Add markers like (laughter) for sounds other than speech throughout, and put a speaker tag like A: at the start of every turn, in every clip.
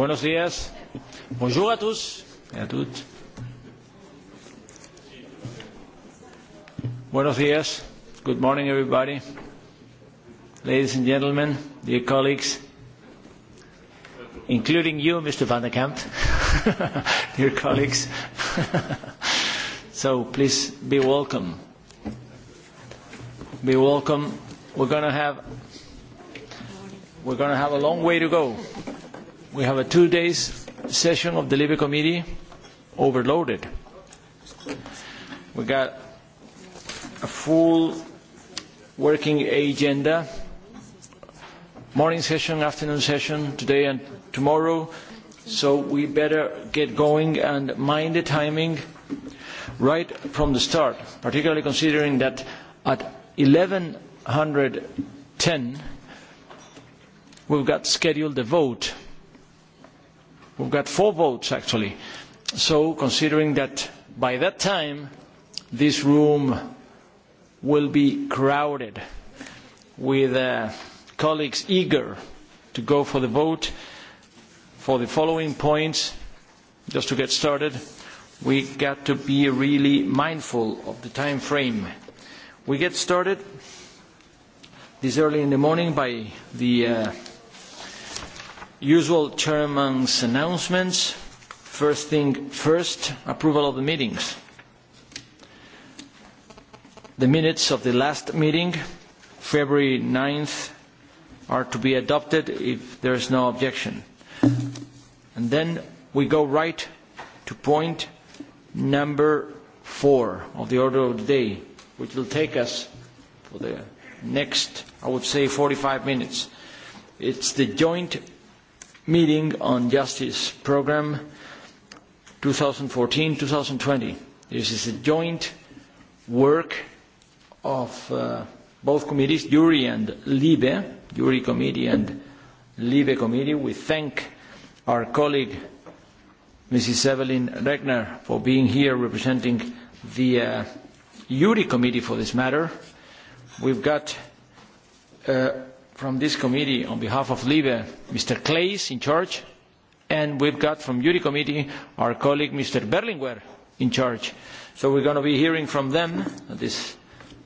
A: Buenos días. Bonjour à tous et à toutes. Buenos días. Good morning, everybody. Ladies and gentlemen, dear colleagues, including you, Mr. Van der Kamp, (laughs) dear colleagues. (laughs) so please be welcome. Be welcome. We're going to have we're going to have a long way to go we have a two days session of the Labour Committee overloaded. We got a full working agenda, morning session, afternoon session, today and tomorrow, so we better get going and mind the timing right from the start, particularly considering that at 1110 we've got scheduled a vote We've got four votes, actually. So, considering that by that time, this room will be crowded with uh, colleagues eager to go for the vote for the following points, just to get started, we got to be really mindful of the time frame. We get started this early in the morning by the uh, usual chairman's announcements. First thing first, approval of the meetings. The minutes of the last meeting, February 9th, are to be adopted if there is no objection. And then we go right to point number four of the order of the day, which will take us for the next, I would say, 45 minutes. It's the joint meeting on justice program 2014-2020. This is a joint work of uh, both committees, Jury and Libe, Jury Committee and Libe Committee. We thank our colleague, Mrs. Evelyn Regner, for being here representing the uh, Jury Committee for this matter. We've got uh, from this committee on behalf of LIBE, Mr. Clays in charge, and we've got from Jury Committee our colleague Mr. Berlinguer in charge. So we're going to be hearing from them at this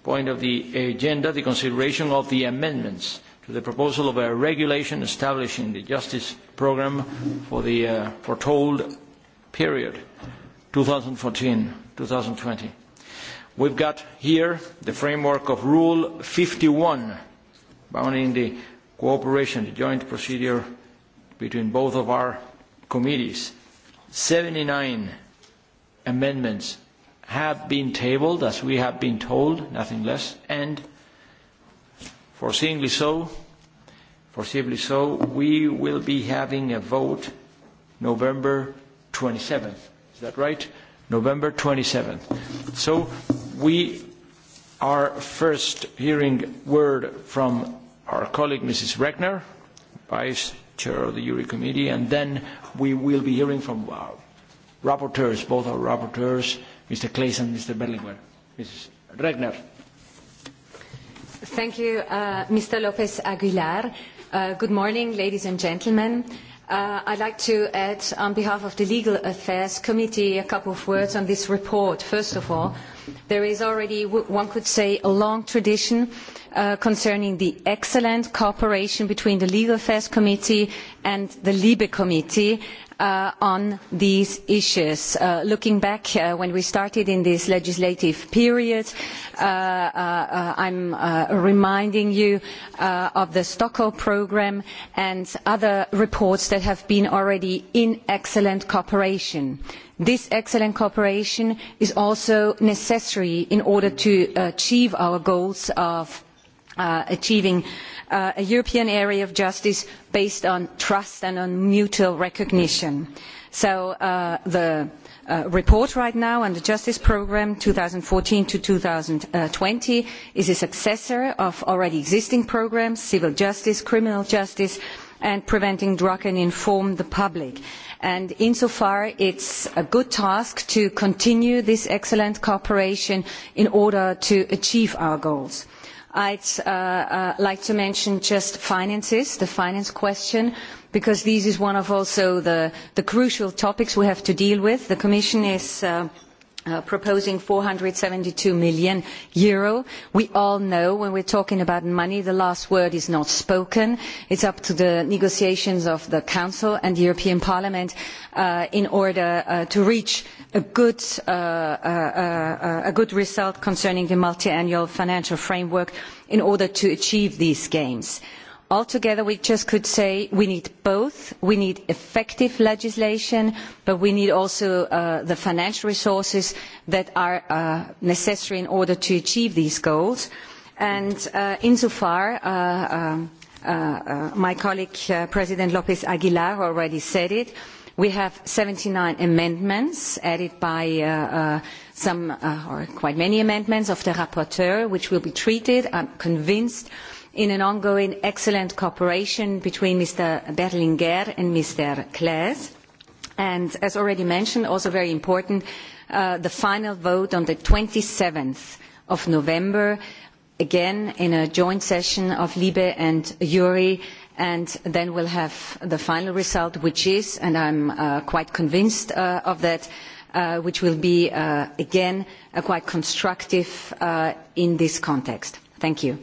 A: point of the agenda the consideration of the amendments to the proposal of a regulation establishing the justice program for the uh, foretold period 2014-2020. We've got here the framework of Rule 51 bounding the cooperation, the joint procedure between both of our committees. 79 amendments have been tabled, as we have been told, nothing less, and foreseeably so, foreseeably so, we will be having a vote November 27th. Is that right? November 27th. So we are first hearing word from our colleague Mrs. Regner, Vice Chair of the Jury Committee, and then we will be hearing from our uh, rapporteurs, both our rapporteurs, Mr. Claes and Mr. Berlinguer. Mrs. Regner.
B: Thank you, uh, Mr. Lopez Aguilar. Uh, good morning, ladies and gentlemen. Uh, I'd like to add, on behalf of the Legal Affairs Committee, a couple of words on this report. First of all, there is already, one could say, a long tradition uh, concerning the excellent cooperation between the Legal Affairs Committee and the LIBE Committee Uh, on these issues. Uh, looking back uh, when we started in this legislative period, uh, uh, uh, I am reminding you of the Stockholm programme and other reports that have been already in excellent cooperation. This excellent cooperation is also necessary in order to achieve our goals of Uh, achieving uh, a European area of justice based on trust and on mutual recognition. So uh, the uh, report right now on the justice programme 2014 to twenty is a successor of already existing programmes, civil justice, criminal justice, and preventing drug and inform the public. And insofar, it's a good task to continue this excellent cooperation in order to achieve our goals. I'd uh, uh, like to mention just finances, the finance question, because this is one of also the, the crucial topics we have to deal with. The Commission is... Uh, Uh, proposing 472 million euro. We all know when we are talking about money, the last word is not spoken. It is up to the negotiations of the Council and the European Parliament uh, in order uh, to reach a good, uh, uh, uh, a good, result concerning the multiannual financial framework in order to achieve these gains. Uh, Altogether, we just could say we need both. We need effective legislation, but we need also uh, the financial resources that are uh, necessary in order to achieve these goals. And uh, insofar, uh, um, uh, uh, my colleague uh, President Lopez Aguilar already said it, we have seventy nine amendments added by uh, some, or quite many amendments of the rapporteur, which will be treated, I am convinced, uh, in an ongoing excellent cooperation between Mr. Berlinguer and Mr. Claes. And as already mentioned, also very important, uh, the final vote on the 27th of November, again in a joint session of Libe and Yuri, and then we will have the final result, which is, and I am uh, quite convinced uh, of that, uh, which will be, uh, again, quite constructive uh, in this context. Thank you.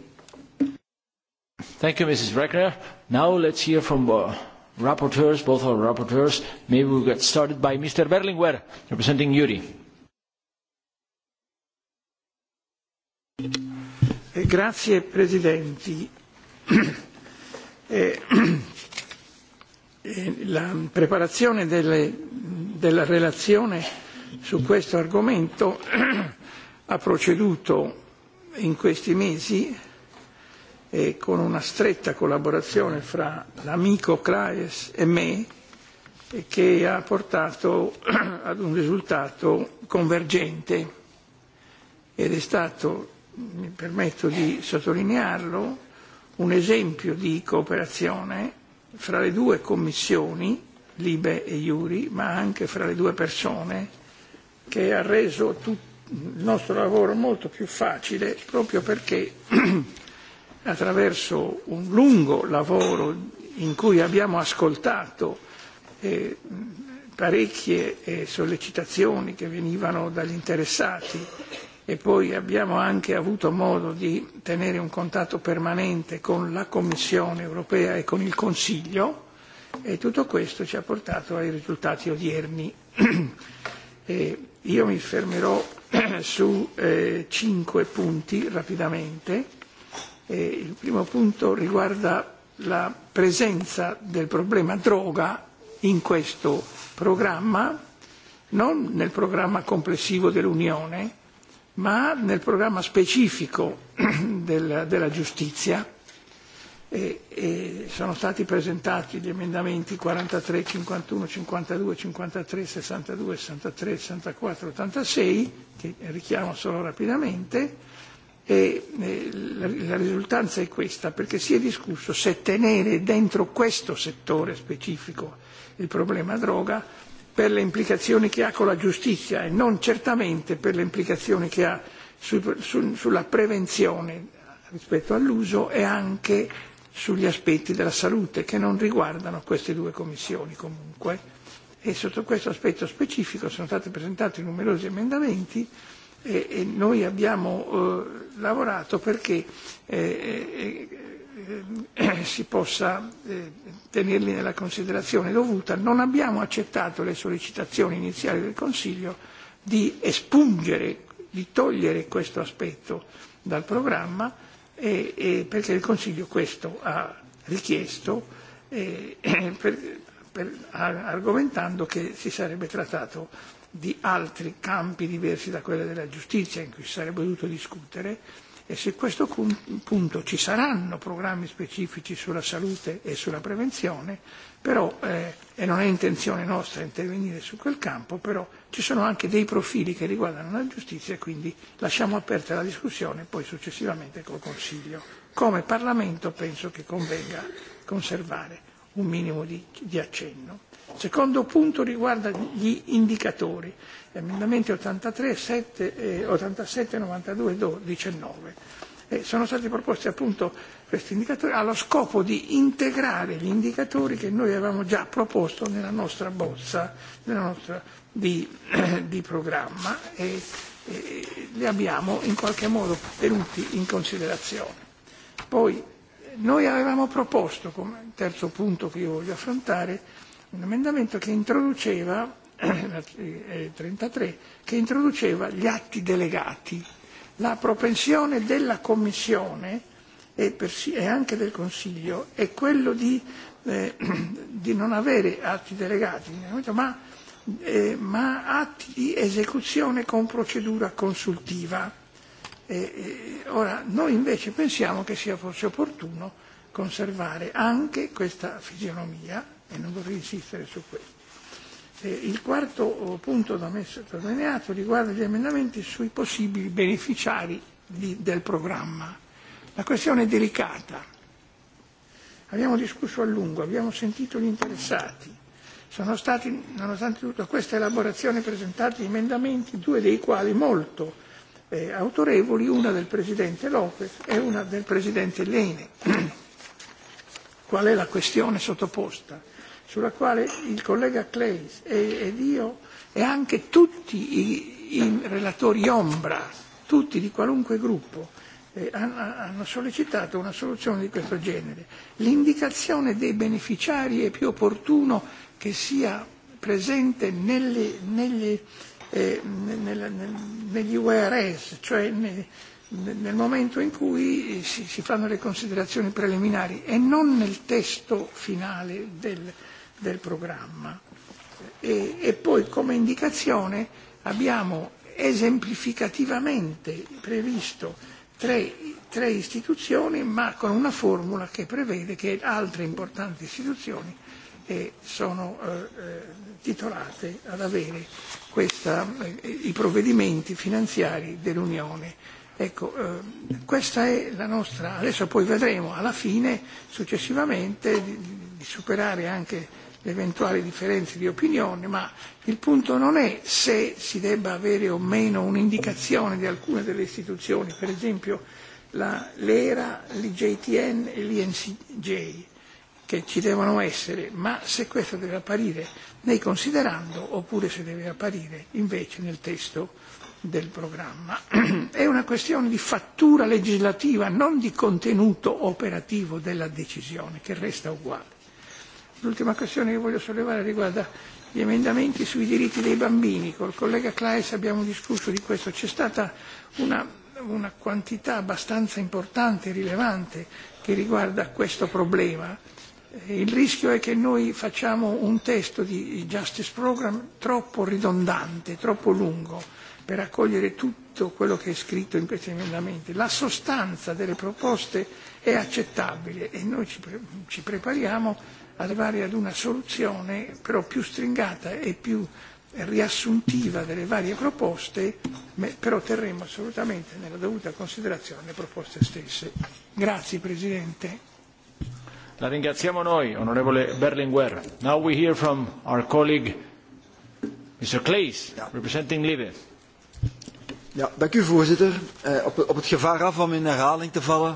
A: Thank you, Mrs. Regner. Now let's hear from uh, rapporteurs, both our rapporteurs. Maybe we'll get started by Mr. Berlinguer, representing Yuri.
C: Eh, grazie Presidenti. Eh, eh, la preparazione delle, della relazione su questo argomento ha proceduto in questi mesi e con una stretta collaborazione fra l'amico Claes e me e che ha portato (clears throat) ad un risultato convergente ed è stato, mi permetto di sottolinearlo, un esempio di cooperazione fra le due commissioni, Libe e Iuri, ma anche fra le due persone, che ha reso tut- il nostro lavoro molto più facile proprio perché (clears throat) attraverso un lungo lavoro in cui abbiamo ascoltato eh, parecchie eh, sollecitazioni che venivano dagli interessati e poi abbiamo anche avuto modo di tenere un contatto permanente con la Commissione europea e con il Consiglio e tutto questo ci ha portato ai risultati odierni. (clears throat) e io mi fermerò (clears throat) su eh, cinque punti rapidamente Eh, il primo punto riguarda la presenza del problema droga in questo programma, non nel programma complessivo dell'Unione, ma nel programma specifico (clears throat) della, della giustizia. E, e sono stati presentati gli emendamenti 43, 51, 52, 53, 62, 63, 64, 86, che richiamo solo rapidamente E, e la, la risultanza è questa, perché si è discusso se tenere dentro questo settore specifico il problema droga per le implicazioni che ha con la giustizia e non certamente per le implicazioni che ha su, su, sulla prevenzione rispetto all'uso e anche sugli aspetti della salute che non riguardano queste due commissioni comunque. E sotto questo aspetto specifico sono stati presentati numerosi emendamenti e, e noi abbiamo eh, lavorato perché eh, eh, eh, si possa eh, tenerli nella considerazione dovuta. Non abbiamo accettato le sollecitazioni iniziali del Consiglio di espungere, di togliere questo aspetto dal programma e, e perché il Consiglio questo ha richiesto eh, (clears throat) per, per, argomentando che si sarebbe trattato di altri campi diversi da quello della giustizia in cui si sarebbe dovuto discutere e se a questo punto ci saranno programmi specifici sulla salute e sulla prevenzione, però, eh, e non è intenzione nostra intervenire su quel campo, però ci sono anche dei profili che riguardano la giustizia e quindi lasciamo aperta la discussione poi successivamente col Consiglio. Come Parlamento penso che convenga conservare un minimo di, di accenno. Il secondo punto riguarda gli indicatori, emendamenti 83, 7, eh, 87, 92, 12, 19. Eh, sono stati proposti appunto questi indicatori allo scopo di integrare gli indicatori che noi avevamo già proposto nella nostra bozza, nella nostra di, eh, (clears throat) di programma e, e li abbiamo in qualche modo tenuti in considerazione. Poi Noi avevamo proposto, come terzo punto che io voglio affrontare, un emendamento che introduceva, eh, 33, eh, che introduceva gli atti delegati, la propensione della Commissione e, e anche del Consiglio è quello di, eh, (clears throat) di non avere atti delegati, ma, eh, ma atti di esecuzione con procedura consultiva E, e, ora, noi invece pensiamo che sia forse opportuno conservare anche questa fisionomia, e non vorrei insistere su questo. E il quarto oh, punto da me sottolineato riguarda gli emendamenti sui possibili beneficiari di, del programma. La questione è delicata. Abbiamo discusso a lungo, abbiamo sentito gli interessati. Sono stati, nonostante tutto, questa elaborazione, presentati emendamenti, due dei quali molto eh, autorevoli, una del Presidente Lopez e una del Presidente Lene. (clears throat) Qual è la questione sottoposta? Sulla quale il collega Kleis e, ed io e anche tutti i, i relatori ombra, tutti di qualunque gruppo, eh, hanno sollecitato una soluzione di questo genere. L'indicazione dei beneficiari è più opportuno che sia presente nelle, nelle, E, negli URS, cioè nel momento in cui eh, si, si fanno le considerazioni preliminari e non nel testo finale del, del programma. E, e poi come indicazione abbiamo esemplificativamente previsto tre, tre istituzioni ma con una formula che prevede che altre importanti istituzioni e sono eh, eh, titolate ad avere questa, eh, i provvedimenti finanziari dell'Unione. Ecco, questa è la nostra, adesso poi vedremo alla fine, successivamente, di, di superare anche le eventuali differenze di opinione, ma il punto non è se si debba avere o meno un'indicazione di alcune delle istituzioni, per esempio la, l'ERA, l'IJTN e l'INCJ che ci devono essere, ma se questo deve apparire nei considerando oppure se deve apparire invece nel testo del programma. (clears throat) È una questione di fattura legislativa, non di contenuto operativo della decisione, che resta uguale. L'ultima questione che voglio sollevare riguarda gli emendamenti sui diritti dei bambini. Col collega Claes abbiamo discusso di questo. C'è stata una, una quantità abbastanza importante, e rilevante, che riguarda questo problema il rischio è che noi facciamo un testo di Justice Program troppo ridondante, troppo lungo per accogliere tutto quello che è scritto in questi emendamenti. La sostanza delle proposte è accettabile e noi ci, pre- ci prepariamo ad arrivare ad una soluzione però più stringata e più riassuntiva delle varie proposte, però terremo assolutamente nella dovuta considerazione le proposte stesse. Grazie Presidente.
A: La ringraziamo noi, onorevole Berlinguer. Now we hear from our colleague, Mr. Claes, ja. representing Libe.
D: Ja, dank u voorzitter. Eh, op, op het gevaar af om in herhaling te vallen,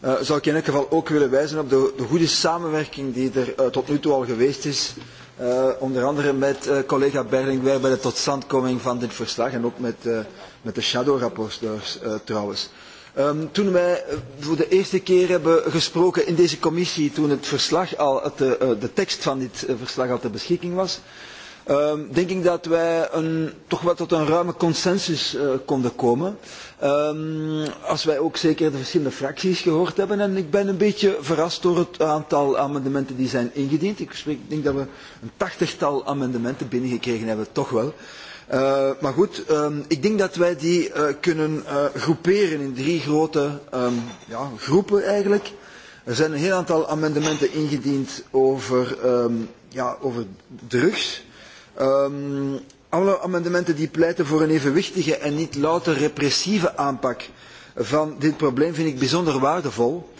D: eh, zou ik in elk geval ook willen wijzen op de, de goede samenwerking die er eh, tot nu toe al geweest is. Eh, onder andere met eh, collega Berlinguer bij de totstandkoming van dit verslag en ook met, eh, met de shadow-rapporteurs eh, trouwens. Um, toen wij voor de eerste keer hebben gesproken in deze commissie, toen het verslag al, de, uh, eh, eh, de tekst van dit eh, verslag al ter beschikking was, um, denk ik dat wij een, toch wel tot een ruime consensus uh, konden komen. Um, als wij ook zeker de verschillende fracties gehoord hebben. En ik ben een beetje verrast door het aantal amendementen die zijn ingediend. Ik spreek, denk dat we een tachtigtal amendementen binnengekregen hebben, toch wel. Uh, maar goed, um, ik denk dat wij die uh, kunnen uh, groeperen in drie grote um, ja, groepen eigenlijk. Er zijn een heel aantal amendementen ingediend over, um, ja, over drugs. Um, alle amendementen die pleiten voor een evenwichtige en niet louter repressieve aanpak van dit probleem vind ik bijzonder waardevol.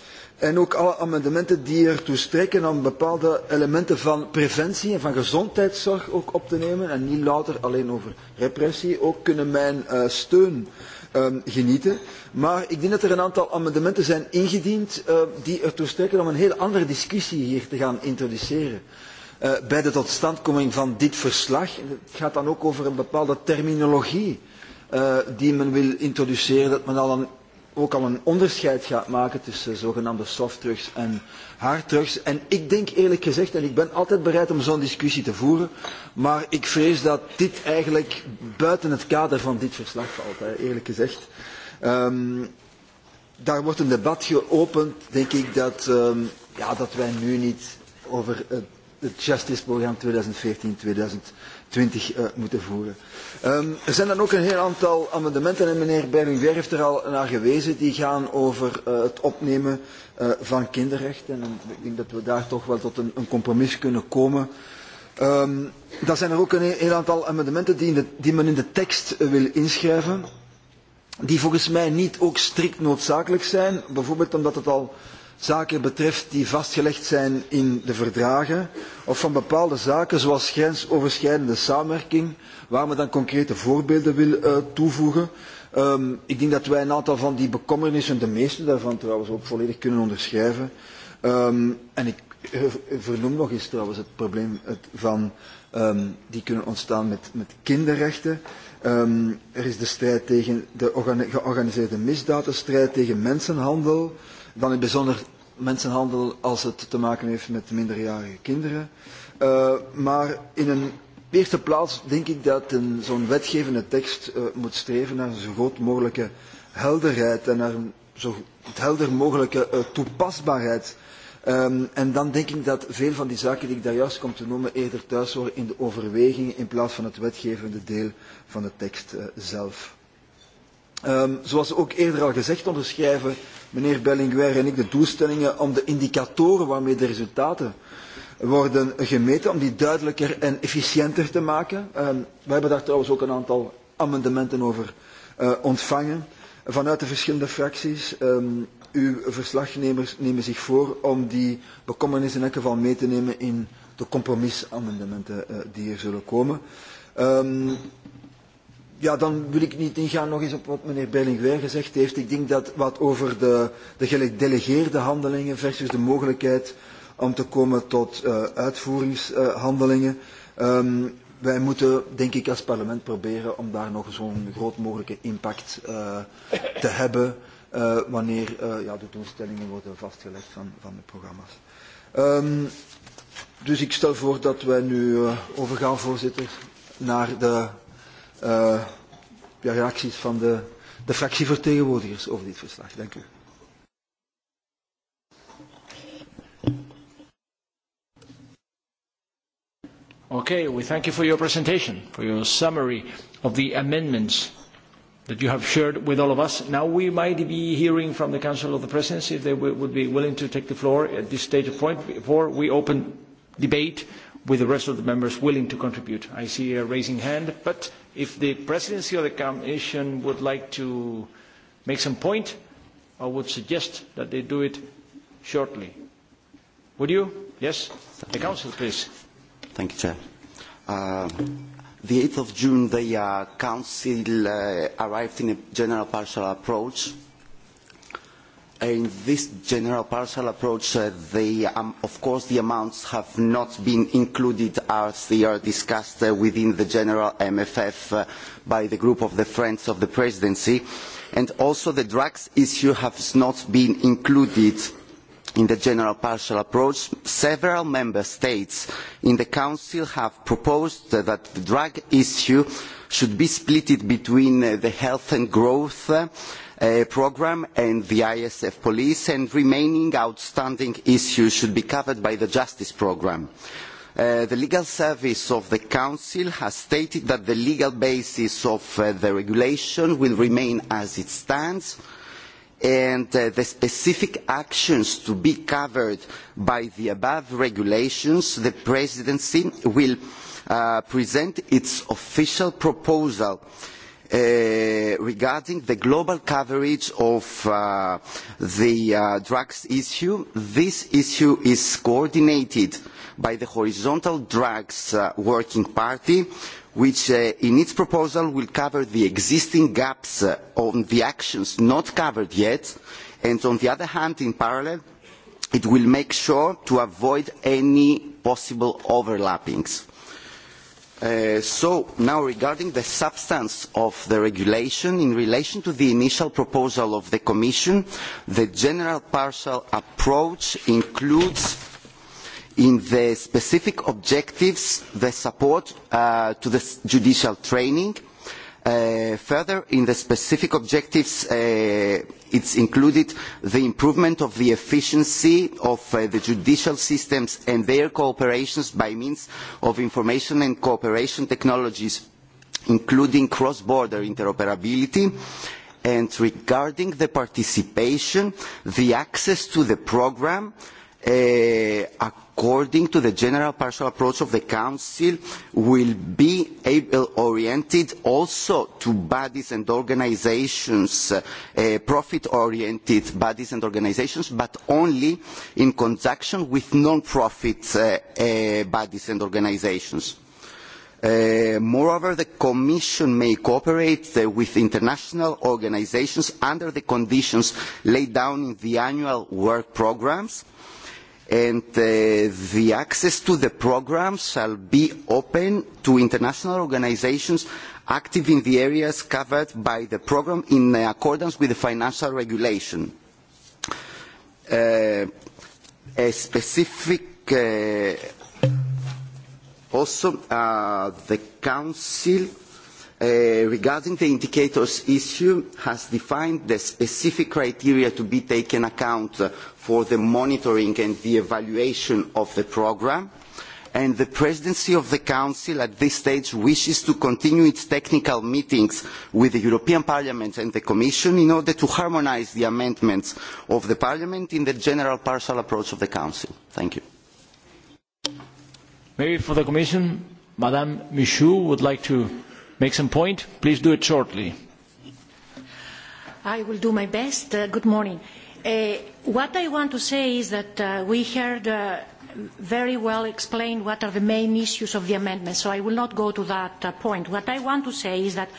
D: En ook alle amendementen die ertoe strekken om bepaalde elementen van preventie en van gezondheidszorg ook op te nemen. En niet louter alleen over repressie. Ook kunnen mijn uh, steun um, genieten. Maar ik denk dat er een aantal amendementen zijn ingediend uh, die ertoe strekken om een heel andere discussie hier te gaan introduceren. Uh, bij de totstandkoming van dit verslag. Het gaat dan ook over een bepaalde terminologie uh, die men wil introduceren. Dat men al een ook al een onderscheid gaat maken tussen zogenaamde softdrugs en harddrugs. En ik denk eerlijk gezegd, en ik ben altijd bereid om zo'n discussie te voeren, maar ik vrees dat dit eigenlijk buiten het kader van dit verslag valt, eerlijk gezegd. Um, daar wordt een debat geopend, denk ik, dat, um, ja, dat wij nu niet over het, het Justice-programma 2014-2020 uh, moeten voeren. Um, er zijn dan ook een heel aantal amendementen, en meneer Berlinguer heeft er al naar gewezen, die gaan over uh, het opnemen uh, van kinderrechten. En ik denk dat we daar toch wel tot een, een compromis kunnen komen. Um, dan zijn er ook een heel aantal amendementen die, in de, die men in de tekst uh, wil inschrijven, die volgens mij niet ook strikt noodzakelijk zijn. Bijvoorbeeld omdat het al zaken betreft die vastgelegd zijn in de verdragen of van bepaalde zaken zoals grensoverschrijdende samenwerking, waar men dan concrete voorbeelden wil uh, toevoegen. Um, ik denk dat wij een aantal van die bekommernissen, de meeste daarvan trouwens, ook volledig kunnen onderschrijven. Um, en ik eh, vernoem nog eens trouwens het probleem het, van um, die kunnen ontstaan met, met kinderrechten. Um, er is de strijd tegen de georganiseerde misdaad, de strijd tegen mensenhandel, dan in bijzonder mensenhandel als het te maken heeft met minderjarige kinderen. Uh, maar in een eerste plaats denk ik dat zo'n wetgevende tekst uh, moet streven naar zo groot mogelijke helderheid en naar een zo helder mogelijke uh, toepasbaarheid. Um, en dan denk ik dat veel van die zaken die ik daar juist kom te noemen eerder thuis horen in de overwegingen in plaats van het wetgevende deel van de tekst uh, zelf. Um, zoals ook eerder al gezegd onderschrijven meneer Bellinguer en ik de doelstellingen om de indicatoren waarmee de resultaten worden gemeten, om die duidelijker en efficiënter te maken. Uh, we hebben daar trouwens ook een aantal amendementen over uh, ontvangen vanuit de verschillende fracties. Um, uw verslagnemers nemen zich voor om die bekommernis in elk geval mee te nemen in de compromisamendementen uh, die er zullen komen. Um, Ja, dan wil ik niet ingaan nog eens op wat meneer Berlinguer gezegd heeft. Ik denk dat wat over de, de gedelegeerde handelingen versus de mogelijkheid om te komen tot uh, uitvoeringshandelingen. Uh, um, wij moeten, denk ik, als parlement proberen om daar nog zo'n groot mogelijke impact uh, te hebben uh, wanneer uh, ja, de doelstellingen worden vastgelegd van, van de programma's. Um, dus ik stel voor dat wij nu uh, overgaan, voorzitter, naar de uh, eh, de reacties van de, de fractievertegenwoordigers over dit verslag. Dank u.
A: Okay, we thank you for your presentation, for your summary of the amendments that you have shared with all of us. Now we might be hearing from the Council of the Presidents if they would be willing to take the floor at this stage of point before we open debate with the rest of the members willing to contribute. I see a raising hand, but if the presidency of the commission would like to make some point, I would suggest that they do it shortly. Would you? Yes?
E: The council, please. Thank you, Chair. Uh, the 8th of June, the uh, council uh, arrived in a general partial approach in this general parcel approach, uh, the, um, of course, the amounts have not been included as they are discussed uh, within the general MFF uh, by the group of the Friends of the Presidency. And also the drugs issue has not been included in the general partial approach. Several member states in the Council have proposed that the drug issue should be split between uh, the health and growth uh, Uh, programme and the ISF police and remaining outstanding issues should be covered by the justice programme. Uh, the legal service of the council has stated that the legal basis of uh, the regulation will remain as it stands and uh, the specific actions to be covered by the above regulations the presidency will uh, present its official proposal uh, Uh, regarding the global coverage of uh, the uh, drugs issue. This issue is coordinated by the Horizontal Drugs uh, Working Party, which uh, in its proposal will cover the existing gaps uh, on the actions not covered yet, and on the other hand, in parallel, it will make sure to avoid any possible overlappings. Uh, so now regarding the substance of the regulation in relation to the initial proposal of the Commission, the general partial approach includes in the specific objectives the support uh, to the judicial training, Uh, further, in the specific objectives, uh, it's included the improvement of the efficiency of uh, the judicial systems and their cooperations by means of information and cooperation technologies, including cross-border interoperability, and regarding the participation, the access to the programme, uh, according to the general partial approach of the Council, will be able, oriented also to bodies and organisations, uh, profit-oriented bodies and organisations, but only in conjunction with non-profit uh, uh, bodies and organisations. Uh, moreover, the Commission may cooperate uh, with international organisations under the conditions laid down in the annual work programmes. Uh, and uh, the access to the programme shall be open to international organisations active in the areas covered by the programme in accordance with the financial regulation. Uh, a specific uh, also uh, the council Uh, regarding the indicators issue has defined the specific criteria to be taken account for the monitoring and the evaluation of the programme and the presidency of the council at this stage wishes to continue its technical meetings with the european parliament and the commission in order to harmonise the amendments of the parliament in the general partial approach of the council. thank you.
A: maybe for the commission, madame would like to make some point, please do it shortly.
F: I will do my best. Uh, good morning. Uh, what I want to say is that uh, we heard uh, very well explained what are the main issues of the amendment, so I will not go to that uh, point. What I want to say is that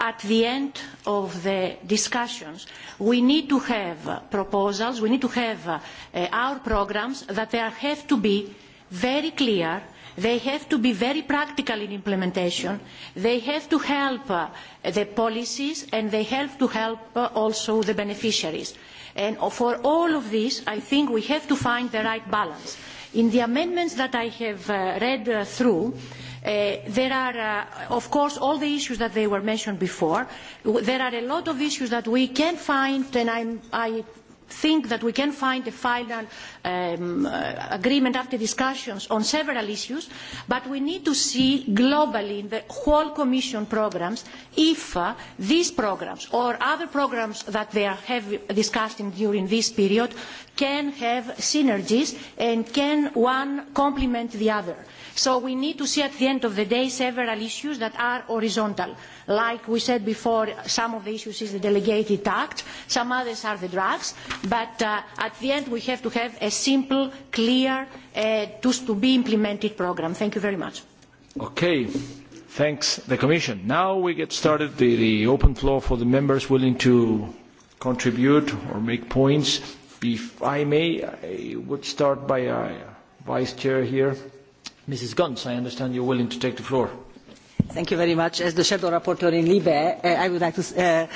F: at the end of the discussions, we need to have uh, proposals, we need to have uh, uh our programs that there have to be very clear They have to be very practical in implementation. They have to help uh, the policies and they have to help uh, also the beneficiaries. And for all of this, I think we have to find the right balance. In the amendments that I have uh, read uh, through, Uh, there are, uh, of course, all the issues that they were mentioned before. There are a lot of issues that we can find, and I'm, I think that we can find a final um, uh, agreement after discussions on several issues, but we need to see globally in the whole Commission programs if uh, these programs or other programs that they are have discussed in, during this period can have synergies and can one complement the other. So we need to see at the end of the day several issues that are horizontal. Like we said before, some of the issues is the delegated act, some others are the drugs, but uh, at the end we have to have a simple, clear, uh, to, be implemented program. Thank you very much.
A: Okay. Thanks, the Commission. Now we get started the, the open floor for the members willing to contribute or make points. If I may, I would start by uh, Vice Chair here. Mrs. Guns, I understand you're willing to take the floor. Thank you very much. As the Shadow
G: Rapporteur in Libe, uh, I would like to uh,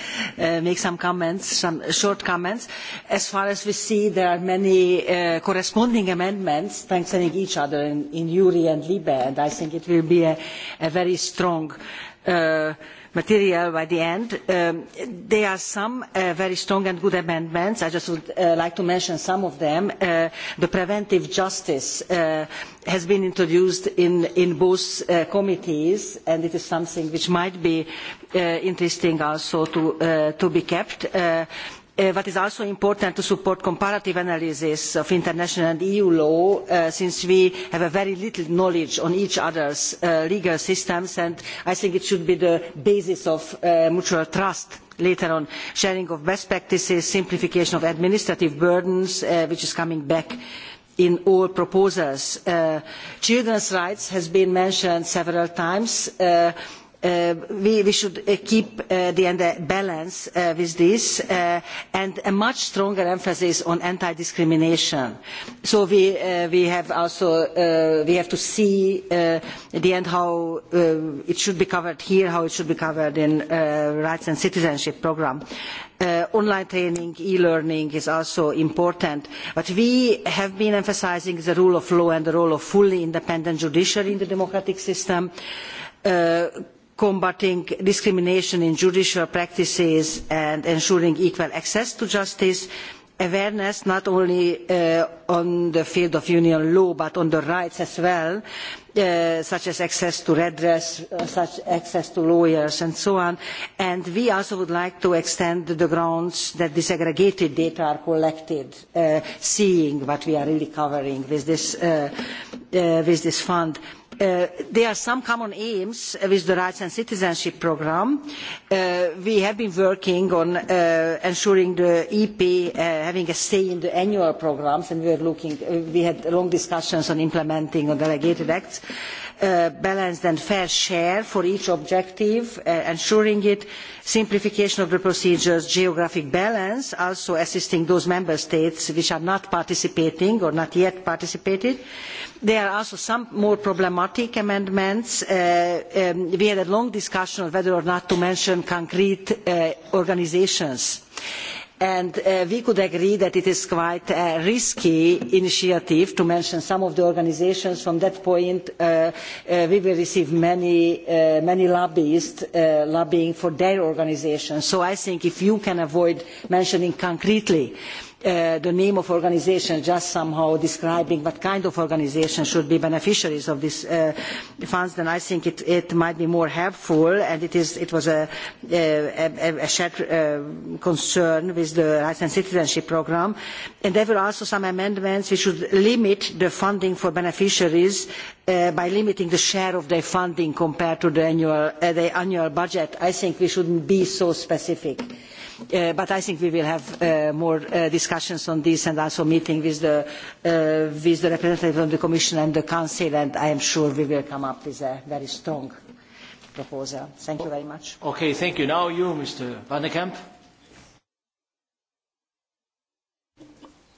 G: uh, make some comments, some short comments. As far as we see, there are many uh, corresponding amendments strengthening each other in, in URI and Libe, and I think it will be a, a very strong uh, material by the end. Um, there are some uh, very strong and good amendments. I just would uh, like to mention some of them. Uh, the preventive justice uh, has been introduced in, in both uh, committees, and it is something which might be uh, interesting also to, to be kept what eh, is also important to support comparative analysis of international and EU law, uh, since we have very little knowledge on each other's uh, legal systems, and I think it should be the basis of uh, mutual trust later on sharing of best practices, simplification of administrative burdens, uh, which is coming back in all proposals. Uh, children's rights have been mentioned several times. Uh, Uh, we, we, should uh, keep uh, the, the, uh, balance uh, with this uh, and a much stronger emphasis on anti-discrimination. So we, we have also we have to see at the end how it should be covered here, how it should be covered in uh, rights and citizenship programme. Uh, online training, e-learning is also important. But we have been emphasising the rule of law and the role of fully independent judiciary in the democratic system. Uh, combating discrimination in judicial practices and ensuring equal access to justice, awareness not only uh, on the field of union law but on the rights as well, uh, such as access to redress, uh, such access to lawyers and so on. And we also would like to extend the grounds that disaggregated data are collected, uh, seeing what we are really covering with this, uh, uh, with this fund. Uh, there are some common aims with the rights and citizenship programme. Uh, we have been working on uh, ensuring the EP uh, having a say in the annual programmes and we, looking, uh, we had long discussions on implementing on delegated acts, balanced and fair share for each objective, ensuring it, simplification of the procedures, geographic balance, also assisting those member states which are not participating or not yet participated. There are also some more problematic amendments. Uh, um, we had a long discussion on whether or not to mention concrete uh, organisations. And uh, we could agree that it is quite a risky initiative to mention some of the organisations. From that point, uh, uh, we will receive many, uh, many lobbyists uh, lobbying for their organisations. So I think if you can avoid mentioning concretely uh, Uh, the name of organization just somehow describing what kind of organization should be beneficiaries of these uh, funds, then I think it, it might be more helpful and it, is, it was a, a, a shared uh, concern with the rights and citizenship program. And there were also some amendments which should limit the funding for beneficiaries uh, by limiting the share of their funding compared to the annual, uh, the annual budget. I think we shouldn't be so specific. Uh, but I think we will have uh, more uh, discussions on this and also meeting with the, uh, with the representative of the Commission and the Council, and I am sure we will come up with a very strong proposal. Thank you very much.
A: Okay, thank you. Now you, Mr. Van de Kamp.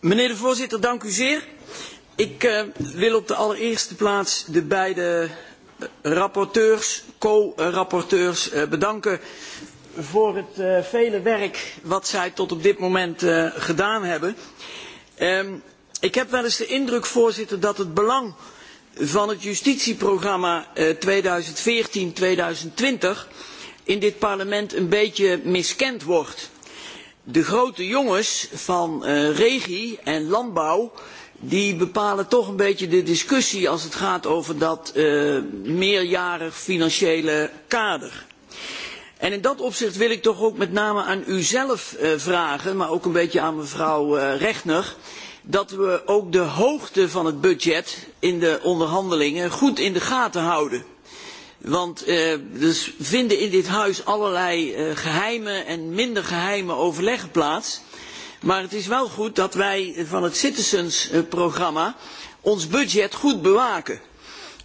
H: Meneer de voorzitter, dank u zeer. Ik uh, wil op de allereerste plaats de beide uh, rapporteurs, co-rapporteurs, uh, bedanken voor het uh, vele werk wat zij tot op dit moment uh, gedaan hebben. Um, ik heb wel eens de indruk, voorzitter, dat het belang van het justitieprogramma uh, eh, 2014-2020 in dit parlement een beetje miskend wordt. De grote jongens van uh, regie en landbouw die bepalen toch een beetje de discussie als het gaat over dat uh, meerjarig financiële kader. En in dat opzicht wil ik toch ook met name aan uzelf uh, eh, vragen, maar ook een beetje aan mevrouw uh, eh, Rechner, dat we ook de hoogte van het budget in de onderhandelingen goed in de gaten houden. Want uh, er vinden in dit huis allerlei uh, geheime en minder geheime overleggen plaats. Maar het is wel goed dat wij van het Citizens-programma ons budget goed bewaken.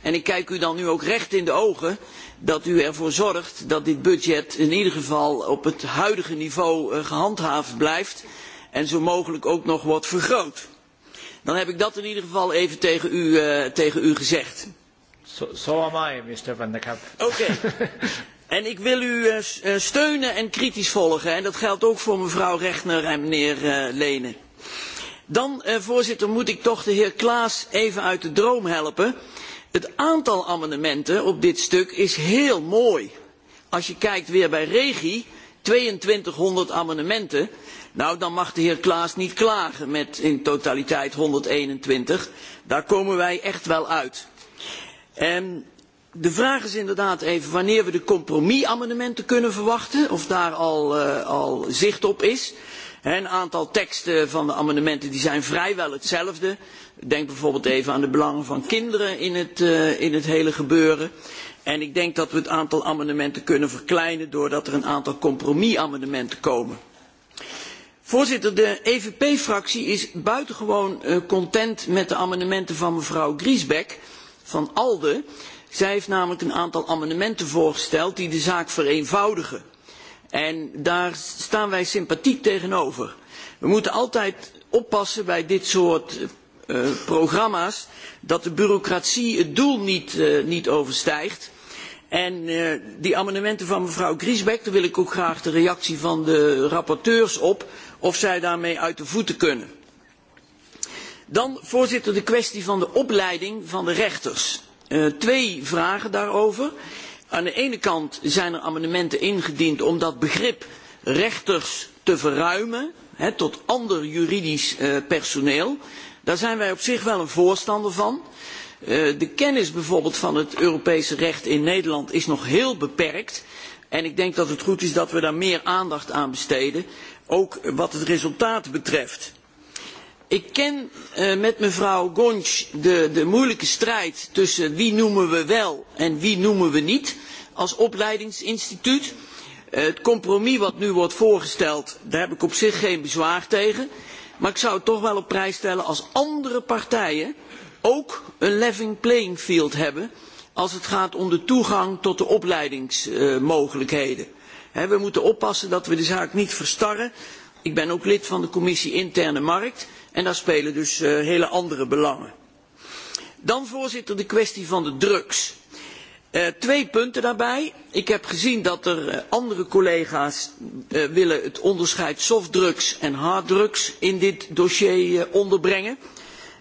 H: En ik kijk u dan nu ook recht in de ogen dat u ervoor zorgt dat dit budget in ieder geval op het huidige niveau eh, gehandhaafd blijft en zo mogelijk ook nog wordt vergroot. Dan heb ik dat in ieder geval even tegen u, uh, tegen u gezegd.
A: So, so am I, Mr. Van der Kamp.
H: Oké. Okay. (laughs) en ik wil u eh, steunen en kritisch volgen. En dat geldt ook voor mevrouw Rechner en meneer uh, Lenen. Dan, voorzitter, moet ik toch de heer Klaas even uit de droom helpen. Het aantal amendementen op dit stuk is heel mooi. Als je kijkt weer bij regie, 2200 amendementen. Nou, dan mag de heer Klaas niet klagen met in totaliteit 121. Daar komen wij echt wel uit. En ehm, de vraag is inderdaad even wanneer we de compromisamendementen kunnen verwachten, of daar al, uh, al zicht op is. He, een aantal teksten van de amendementen die zijn vrijwel hetzelfde. Denk bijvoorbeeld even aan de belangen van kinderen in het, uh, in het hele gebeuren. En ik denk dat we het aantal amendementen kunnen verkleinen doordat er een aantal compromisamendementen komen. Voorzitter, de EVP-fractie is buitengewoon uh, content met de amendementen van mevrouw Griesbeck van ALDE. Zij heeft namelijk een aantal amendementen voorgesteld die de zaak vereenvoudigen. En daar staan wij sympathiek tegenover. We moeten altijd oppassen bij dit soort uh, programma's dat de bureaucratie het doel niet, uh, niet overstijgt. En uh, die amendementen van mevrouw Griesbeck, daar wil ik ook graag de reactie van de rapporteurs op, of zij daarmee uit de voeten kunnen. Dan, voorzitter, de kwestie van de opleiding van de rechters. Eh, twee vragen daarover. Aan de ene kant zijn er amendementen ingediend om dat begrip rechters te verruimen he, tot ander juridisch uh, personeel. Daar zijn wij op zich wel een voorstander van. Uh, de kennis bijvoorbeeld van het Europese recht in Nederland is nog heel beperkt. En ik denk dat het goed is dat we daar meer aandacht aan besteden, ook wat het resultaat betreft. Ik ken uh, met mevrouw Gonsch de, de moeilijke strijd tussen wie noemen we wel en wie noemen we niet als opleidingsinstituut. Uh, het compromis wat nu wordt voorgesteld, daar heb ik op zich geen bezwaar tegen. Maar ik zou het toch wel op prijs stellen als andere partijen ook een leving playing field hebben als het gaat om de toegang tot de opleidingsmogelijkheden. Uh, we moeten oppassen dat we de zaak niet verstarren. Ik ben ook lid van de commissie Interne Markt. En daar spelen dus uh, hele andere belangen. Dan voorzitter de kwestie van de drugs. Uh, twee punten daarbij. Ik heb gezien dat er uh, andere collega's uh, willen het onderscheid softdrugs en harddrugs in dit dossier onderbrengen.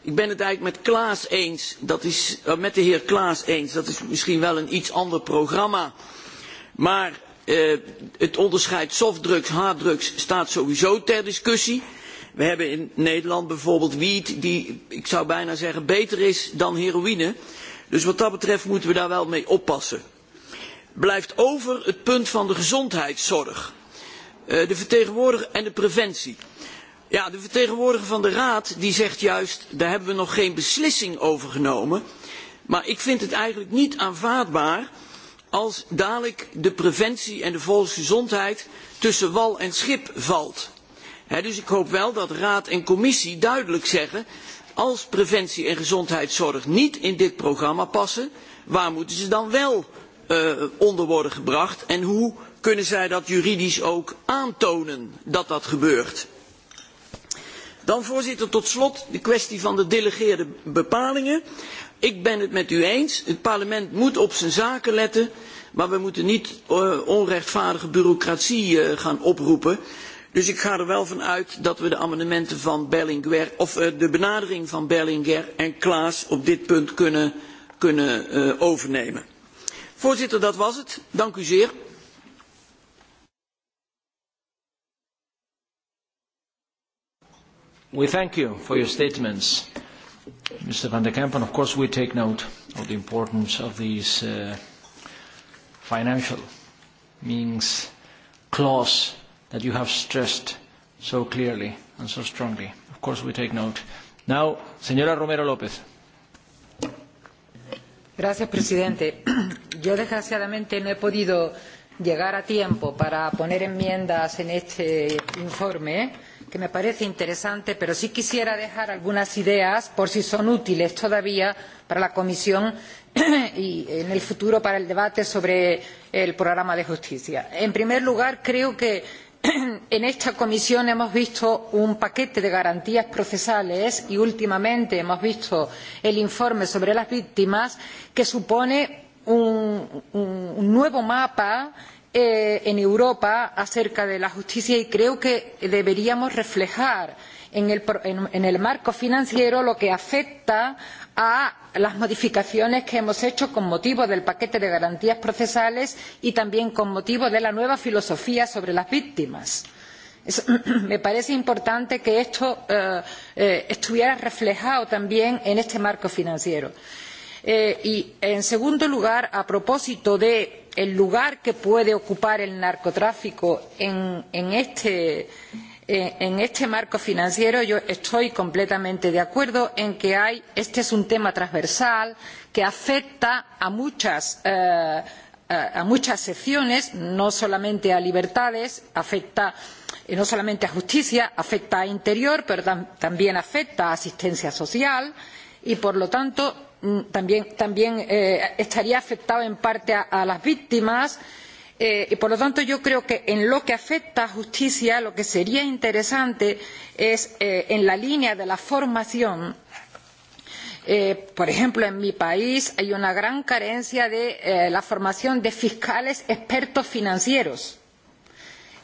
H: Ik ben het eigenlijk met Klaas eens, dat is, met de heer Klaas eens, dat is misschien wel een iets ander programma. Maar het onderscheid softdrugs, harddrugs staat sowieso ter discussie. We hebben in Nederland bijvoorbeeld wiet die, ik zou bijna zeggen, beter is dan heroïne. Dus wat dat betreft moeten we daar wel mee oppassen. Blijft over het punt van de gezondheidszorg. Eh, de vertegenwoordiger en de preventie. Ja, de vertegenwoordiger van de Raad die zegt juist, daar hebben we nog geen beslissing over genomen. Maar ik vind het eigenlijk niet aanvaardbaar als dadelijk de preventie en de volksgezondheid tussen wal en schip valt. He, dus ik hoop wel dat raad en commissie duidelijk zeggen, als preventie en gezondheidszorg niet in dit programma passen, waar moeten ze dan wel uh, onder worden gebracht en hoe kunnen zij dat juridisch ook aantonen dat dat gebeurt? Dan voorzitter tot slot de kwestie van de delegeerde bepalingen. Ik ben het met u eens. Het parlement moet op zijn zaken letten. Maar we moeten niet uh, onrechtvaardige bureaucratie uh, gaan oproepen. Dus ik ga er wel van uit dat we de amendementen van Berlinguer, of uh, de benadering van Berlinguer en Klaas op dit punt kunnen, kunnen uh, overnemen. Voorzitter, dat was het. Dank u zeer.
A: We thank you for your statements, Mr. Van der Kamp, of course we take note of the importance of these uh, financial means clause that you have stressed so clearly and so strongly. Of course, we take note. Now, señora Romero López.
I: Gracias, presidente. (clears throat) Yo, desgraciadamente, no he podido llegar a tiempo para poner enmiendas en este informe, que me parece interesante, pero sí quisiera dejar algunas ideas, por si son útiles todavía para la Comisión (clears throat) y en el futuro para el debate sobre el programa de justicia. En primer lugar, creo que (clears throat) en esta comisión hemos visto un paquete de garantías procesales y últimamente hemos visto el informe sobre las víctimas que supone un, un nuevo mapa eh, en Europa acerca de la justicia y creo que deberíamos reflejar en el, en, en el marco financiero lo que afecta a las modificaciones que hemos hecho con motivo del paquete de garantías procesales y también con motivo de la nueva filosofía sobre las víctimas. Es, (clears throat) me parece importante que esto eh, eh, estuviera reflejado también en este marco financiero. Eh, y, en segundo lugar, a propósito de lugar que puede ocupar el narcotráfico en, en este Eh, en este marco financiero yo estoy completamente de acuerdo en que hay, este es un tema transversal que afecta a muchas, eh, a, a muchas secciones, no solamente a libertades, afecta eh, no solamente a justicia, afecta a interior, pero tam también afecta a asistencia social y por lo tanto mm, también, también eh, estaría afectado en parte a, a las víctimas. Eh, Eh, y por lo tanto, yo creo que en lo que afecta a justicia, lo que sería interesante es, eh, en la línea de la formación, eh, por ejemplo, en mi país hay una gran carencia de eh, la formación de fiscales expertos financieros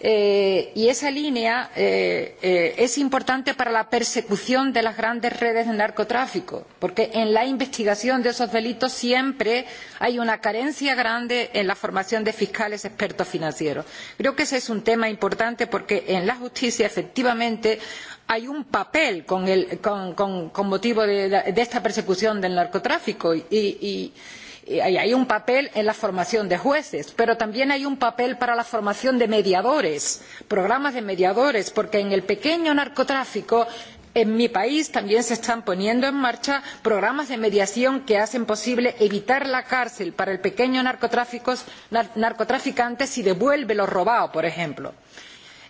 I: Eh, y esa línea eh, eh, es importante para la persecución de las grandes redes de narcotráfico, porque en la investigación de esos delitos siempre hay una carencia grande en la formación de fiscales expertos financieros. Creo que ese es un tema importante porque en la justicia efectivamente hay un papel con, el, con, con, con motivo de, de esta persecución del narcotráfico y, y hay un papel en la formación de jueces, pero también hay un papel para la formación de mediadores, programas de mediadores, porque en el pequeño narcotráfico En mi país también se están poniendo en marcha programas de mediación que hacen posible evitar la cárcel para el pequeño narcotraficante si devuelve lo robado, por ejemplo.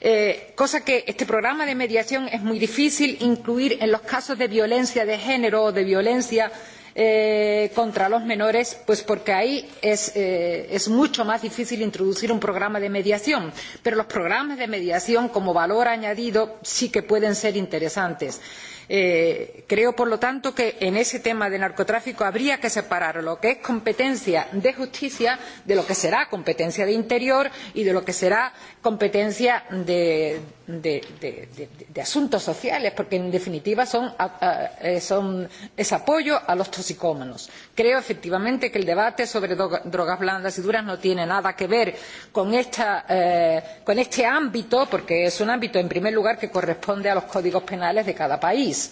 I: Eh, cosa que este programa de mediación es muy difícil incluir en los casos de violencia de género o de violencia Eh, contra los menores, pues porque ahí es, eh, es mucho más difícil introducir un programa de mediación. Pero los programas de mediación como valor añadido sí que pueden ser interesantes. Eh, creo, por lo tanto, que en ese tema de narcotráfico habría que separar lo que es competencia de justicia de lo que será competencia de interior y de lo que será competencia de, de, de, de, de asuntos sociales, porque en definitiva son, a, a, eh, son, es apoyo a los toxicómanos. Creo efectivamente que el debate sobre drogas blandas y duras no tiene nada que ver con, esta, eh, con este ámbito, porque es un ámbito, en primer lugar, que corresponde a los códigos penales de cada país país.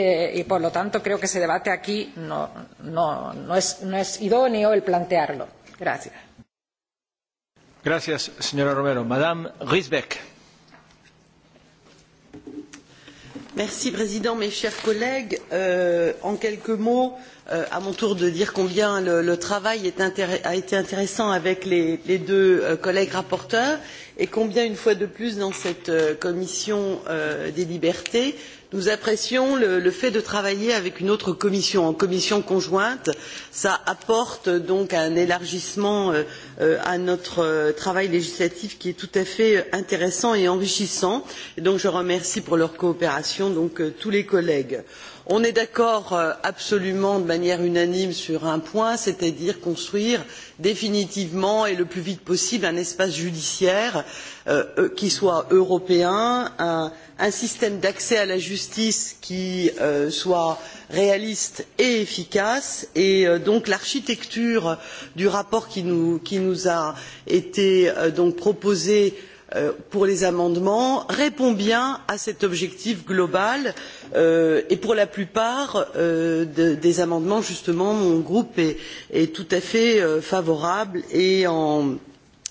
I: Eh, y por lo tanto creo que ese debate aquí no, no, no, es, no es idóneo el plantearlo. Gracias.
A: Gracias, señora Romero. Madame Riesbeck.
J: Merci, Président. Mes chers collègues, euh, en quelques mots, euh, à mon tour de dire combien le, le travail est a été intéressant avec les, les deux euh, collègues rapporteurs et combien, une fois de plus, dans cette euh, commission euh, des libertés, nous apprécions le, le fait de travailler avec une autre commission, en commission conjointe. Ça apporte donc un élargissement euh, euh à notre euh, travail législatif qui est tout à fait intéressant et enrichissant. Et donc je remercie pour leur coopération donc, euh, tous les collègues. On est d'accord euh, absolument de manière unanime sur un point, c'est-à-dire construire définitivement et le plus vite possible un espace judiciaire euh, euh, qui soit européen, un, un système d'accès à la justice qui euh, soit réaliste et efficace et euh, donc l'architecture du rapport qui nous, qui nous a été euh, donc proposé Euh, pour les amendements répond bien à cet objectif global euh, et pour la plupart euh, de, des amendements justement mon groupe est, est tout à fait euh, favorable et en,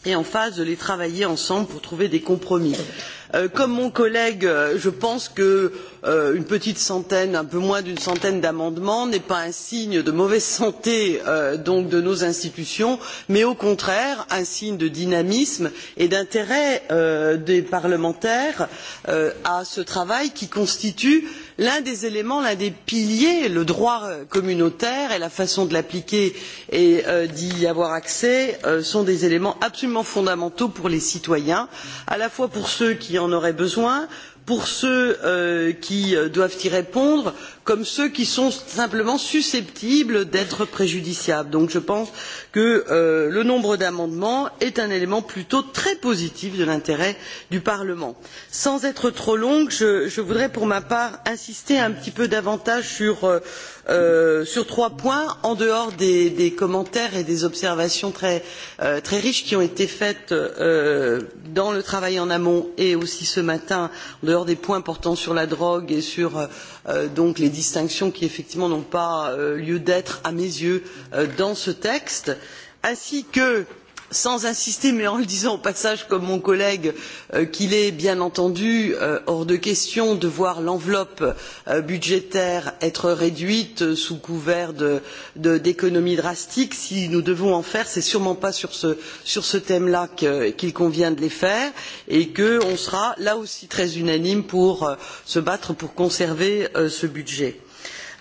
J: et en phase de les travailler ensemble pour trouver des compromis. Euh, Euh, comme mon collègue, euh, je pense que euh, une petite centaine, un peu moins d'une centaine d'amendements n'est pas un signe de mauvaise santé euh, donc de nos institutions, mais au contraire un signe de dynamisme et d'intérêt euh, des parlementaires euh, à ce travail qui constitue l'un des éléments, l'un des piliers, le droit communautaire et la façon de l'appliquer et d'y avoir accès sont des éléments absolument fondamentaux pour les citoyens, à la fois pour ceux qui en auraient besoin pour ceux euh, qui euh, doivent y répondre comme ceux qui sont simplement susceptibles d'être préjudiciables. Donc je pense que euh, le nombre d'amendements est un élément plutôt très positif de l'intérêt du Parlement. Sans être trop longue, je, je voudrais pour ma part insister un petit peu davantage sur, euh, euh sur trois points en dehors des, des commentaires et des observations très, euh, très riches qui ont été faites euh, dans le travail en amont et aussi ce matin en dehors des points portant sur la drogue et sur euh, Euh, donc les distinctions qui effectivement n'ont pas euh, lieu d'être à mes yeux euh, dans ce texte ainsi que sans insister mais en le disant au passage comme mon collègue euh, qu'il est bien entendu euh, hors de question de voir l'enveloppe euh, budgétaire être réduite euh, sous couvert d'économies drastiques. Si nous devons en faire, ce n'est sûrement pas sur ce, sur ce thème là qu'il qu convient de les faire et que qu'on sera là aussi très unanime pour euh, se battre pour conserver euh, ce budget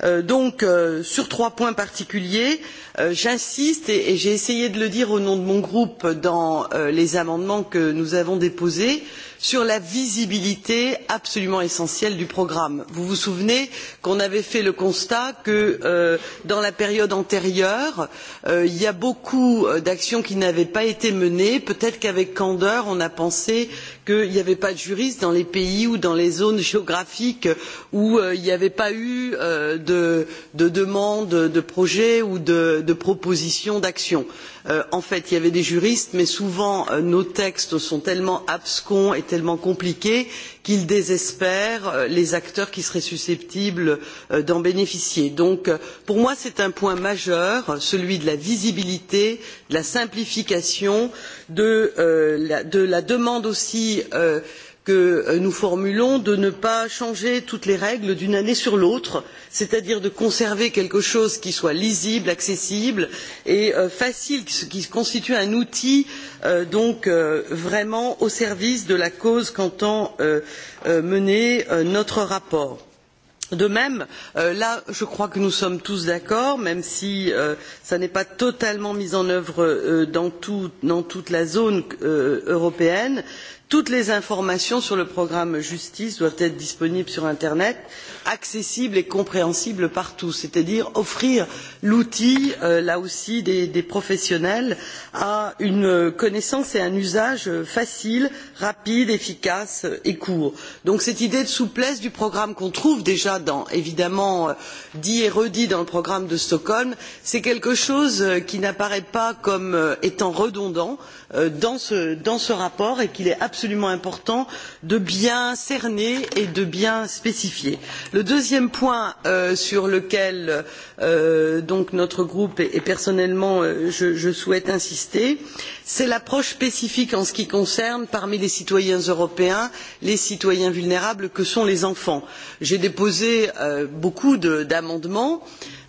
J: Euh, donc euh, sur trois points particuliers, euh, j'insiste et, et j'ai essayé de le dire au nom de mon groupe dans les amendements que nous avons déposés. Euh, sur la visibilité absolument essentielle du programme. Vous vous souvenez qu'on avait fait le constat que euh, dans la période antérieure, euh, il y a beaucoup euh, d'actions qui n'avaient pas été menées. Peut-être qu'avec candeur, on a pensé qu'il n'y avait pas de juristes dans les pays ou dans les zones géographiques où euh, il n'y avait pas eu euh, de, de demande de projets ou de, de d'actions. d'action. Euh, en fait, il y avait des juristes, mais souvent euh, nos textes sont tellement abscons et tellement compliqués qu'ils désespèrent euh, les acteurs qui seraient susceptibles euh, d'en bénéficier. Donc, euh, pour moi, c'est un point majeur, celui de la visibilité, de la simplification, de, euh, la, de la, demande aussi euh, que euh, nous formulons de ne pas changer toutes les règles d'une année sur l'autre, c'est-à-dire de conserver quelque chose qui soit lisible, accessible et euh, facile, qui constitue un outil euh, donc vraiment au service de la cause qu'entend mener notre rapport. De même, euh, là, je crois que nous sommes tous d'accord, même si euh, ça n'est pas totalement mis en œuvre euh, dans, tout, dans toute la zone euh, européenne, Toutes les informations sur le programme justice doivent être disponibles sur Internet, accessibles et compréhensibles par tous, c'est-à-dire offrir l'outil, euh, là aussi, des, des professionnels à une connaissance et un usage facile, rapide, efficace et court. Donc cette idée de souplesse du programme qu'on trouve déjà dans, évidemment, euh, dit et redit dans le programme de Stockholm, c'est quelque chose euh, qui n'apparaît pas comme euh, étant redondant, Euh, dans ce, dans ce rapport et qu'il est absolument important de bien cerner et de bien spécifier. Le deuxième point euh, sur lequel euh, donc notre groupe et, et personnellement euh, je, je souhaite insister, c'est l'approche spécifique en ce qui concerne parmi les citoyens européens les citoyens vulnérables que sont les enfants. J'ai déposé euh, beaucoup d'amendements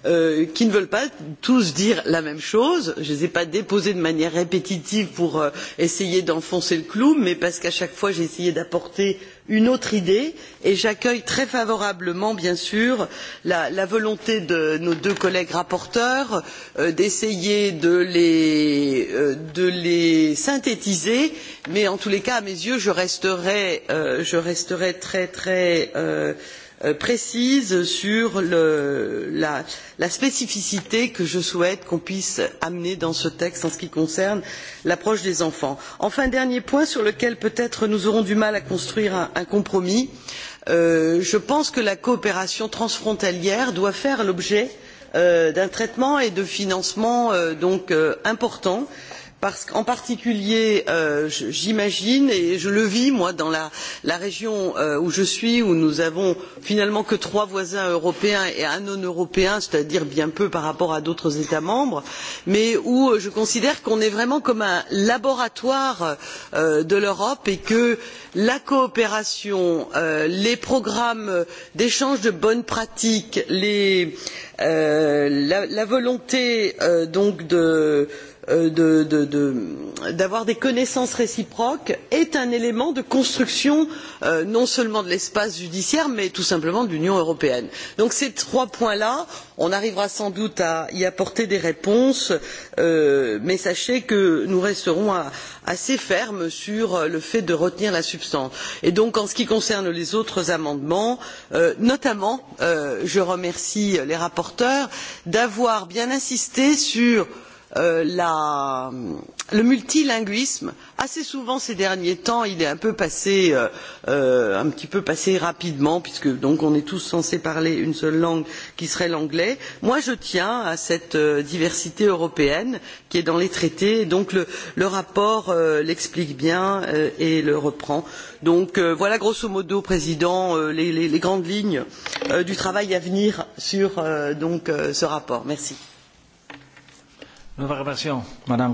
J: euh, qui ne veulent pas tous dire la même chose. Je ne les ai pas déposés de manière répétitive pour euh, essayer d'enfoncer le clou, mais parce qu'à chaque fois j'ai essayé d'apporter une autre idée et j'accueille très favorablement bien sûr la, la, volonté de nos deux collègues rapporteurs euh, d'essayer de, euh, de, les synthétiser mais en tous les cas à mes yeux je resterai, euh, je resterai très très euh, Euh, précise sur le, la, la spécificité que je souhaite qu'on puisse amener dans ce texte en ce qui concerne l'approche des enfants. Enfin, dernier point sur lequel peut-être nous aurons du mal à construire un, un compromis, euh, je pense que la coopération transfrontalière doit faire l'objet euh, d'un traitement et de financement euh, donc euh, importants parce qu'en particulier, euh, j'imagine, et je le vis, moi, dans la, la région euh, où je suis, où nous avons finalement que trois voisins européens et un non européen, c'est-à-dire bien peu par rapport à d'autres États membres, mais où euh, je considère qu'on est vraiment comme un laboratoire euh, de l'Europe et que la coopération, euh, les programmes d'échange de bonnes pratiques, les, euh, la, la volonté euh, donc de euh, d'avoir euh, de, de, des connaissances réciproques est un élément de construction euh, non seulement de l'espace judiciaire mais tout simplement de l'Union européenne. Donc ces trois points là, on arrivera sans doute à y apporter des réponses, euh, mais sachez que nous resterons à, assez fermes sur le fait de retenir la substance. Et donc en ce qui concerne les autres amendements, euh, notamment euh, je remercie les rapporteurs d'avoir bien insisté sur euh, Euh, la, le multilinguisme, assez souvent ces derniers temps, il est un peu passé, euh, euh, un petit peu passé rapidement, puisque donc on est tous censés parler une seule langue qui serait l'anglais. Moi, je tiens à cette euh, diversité européenne qui est dans les traités, et donc le, le rapport euh, l'explique bien euh, et le reprend. Donc euh, voilà grosso modo, Président, euh, les, les, les grandes lignes euh, du travail à venir sur euh, donc, euh, ce rapport. Merci.
A: Madame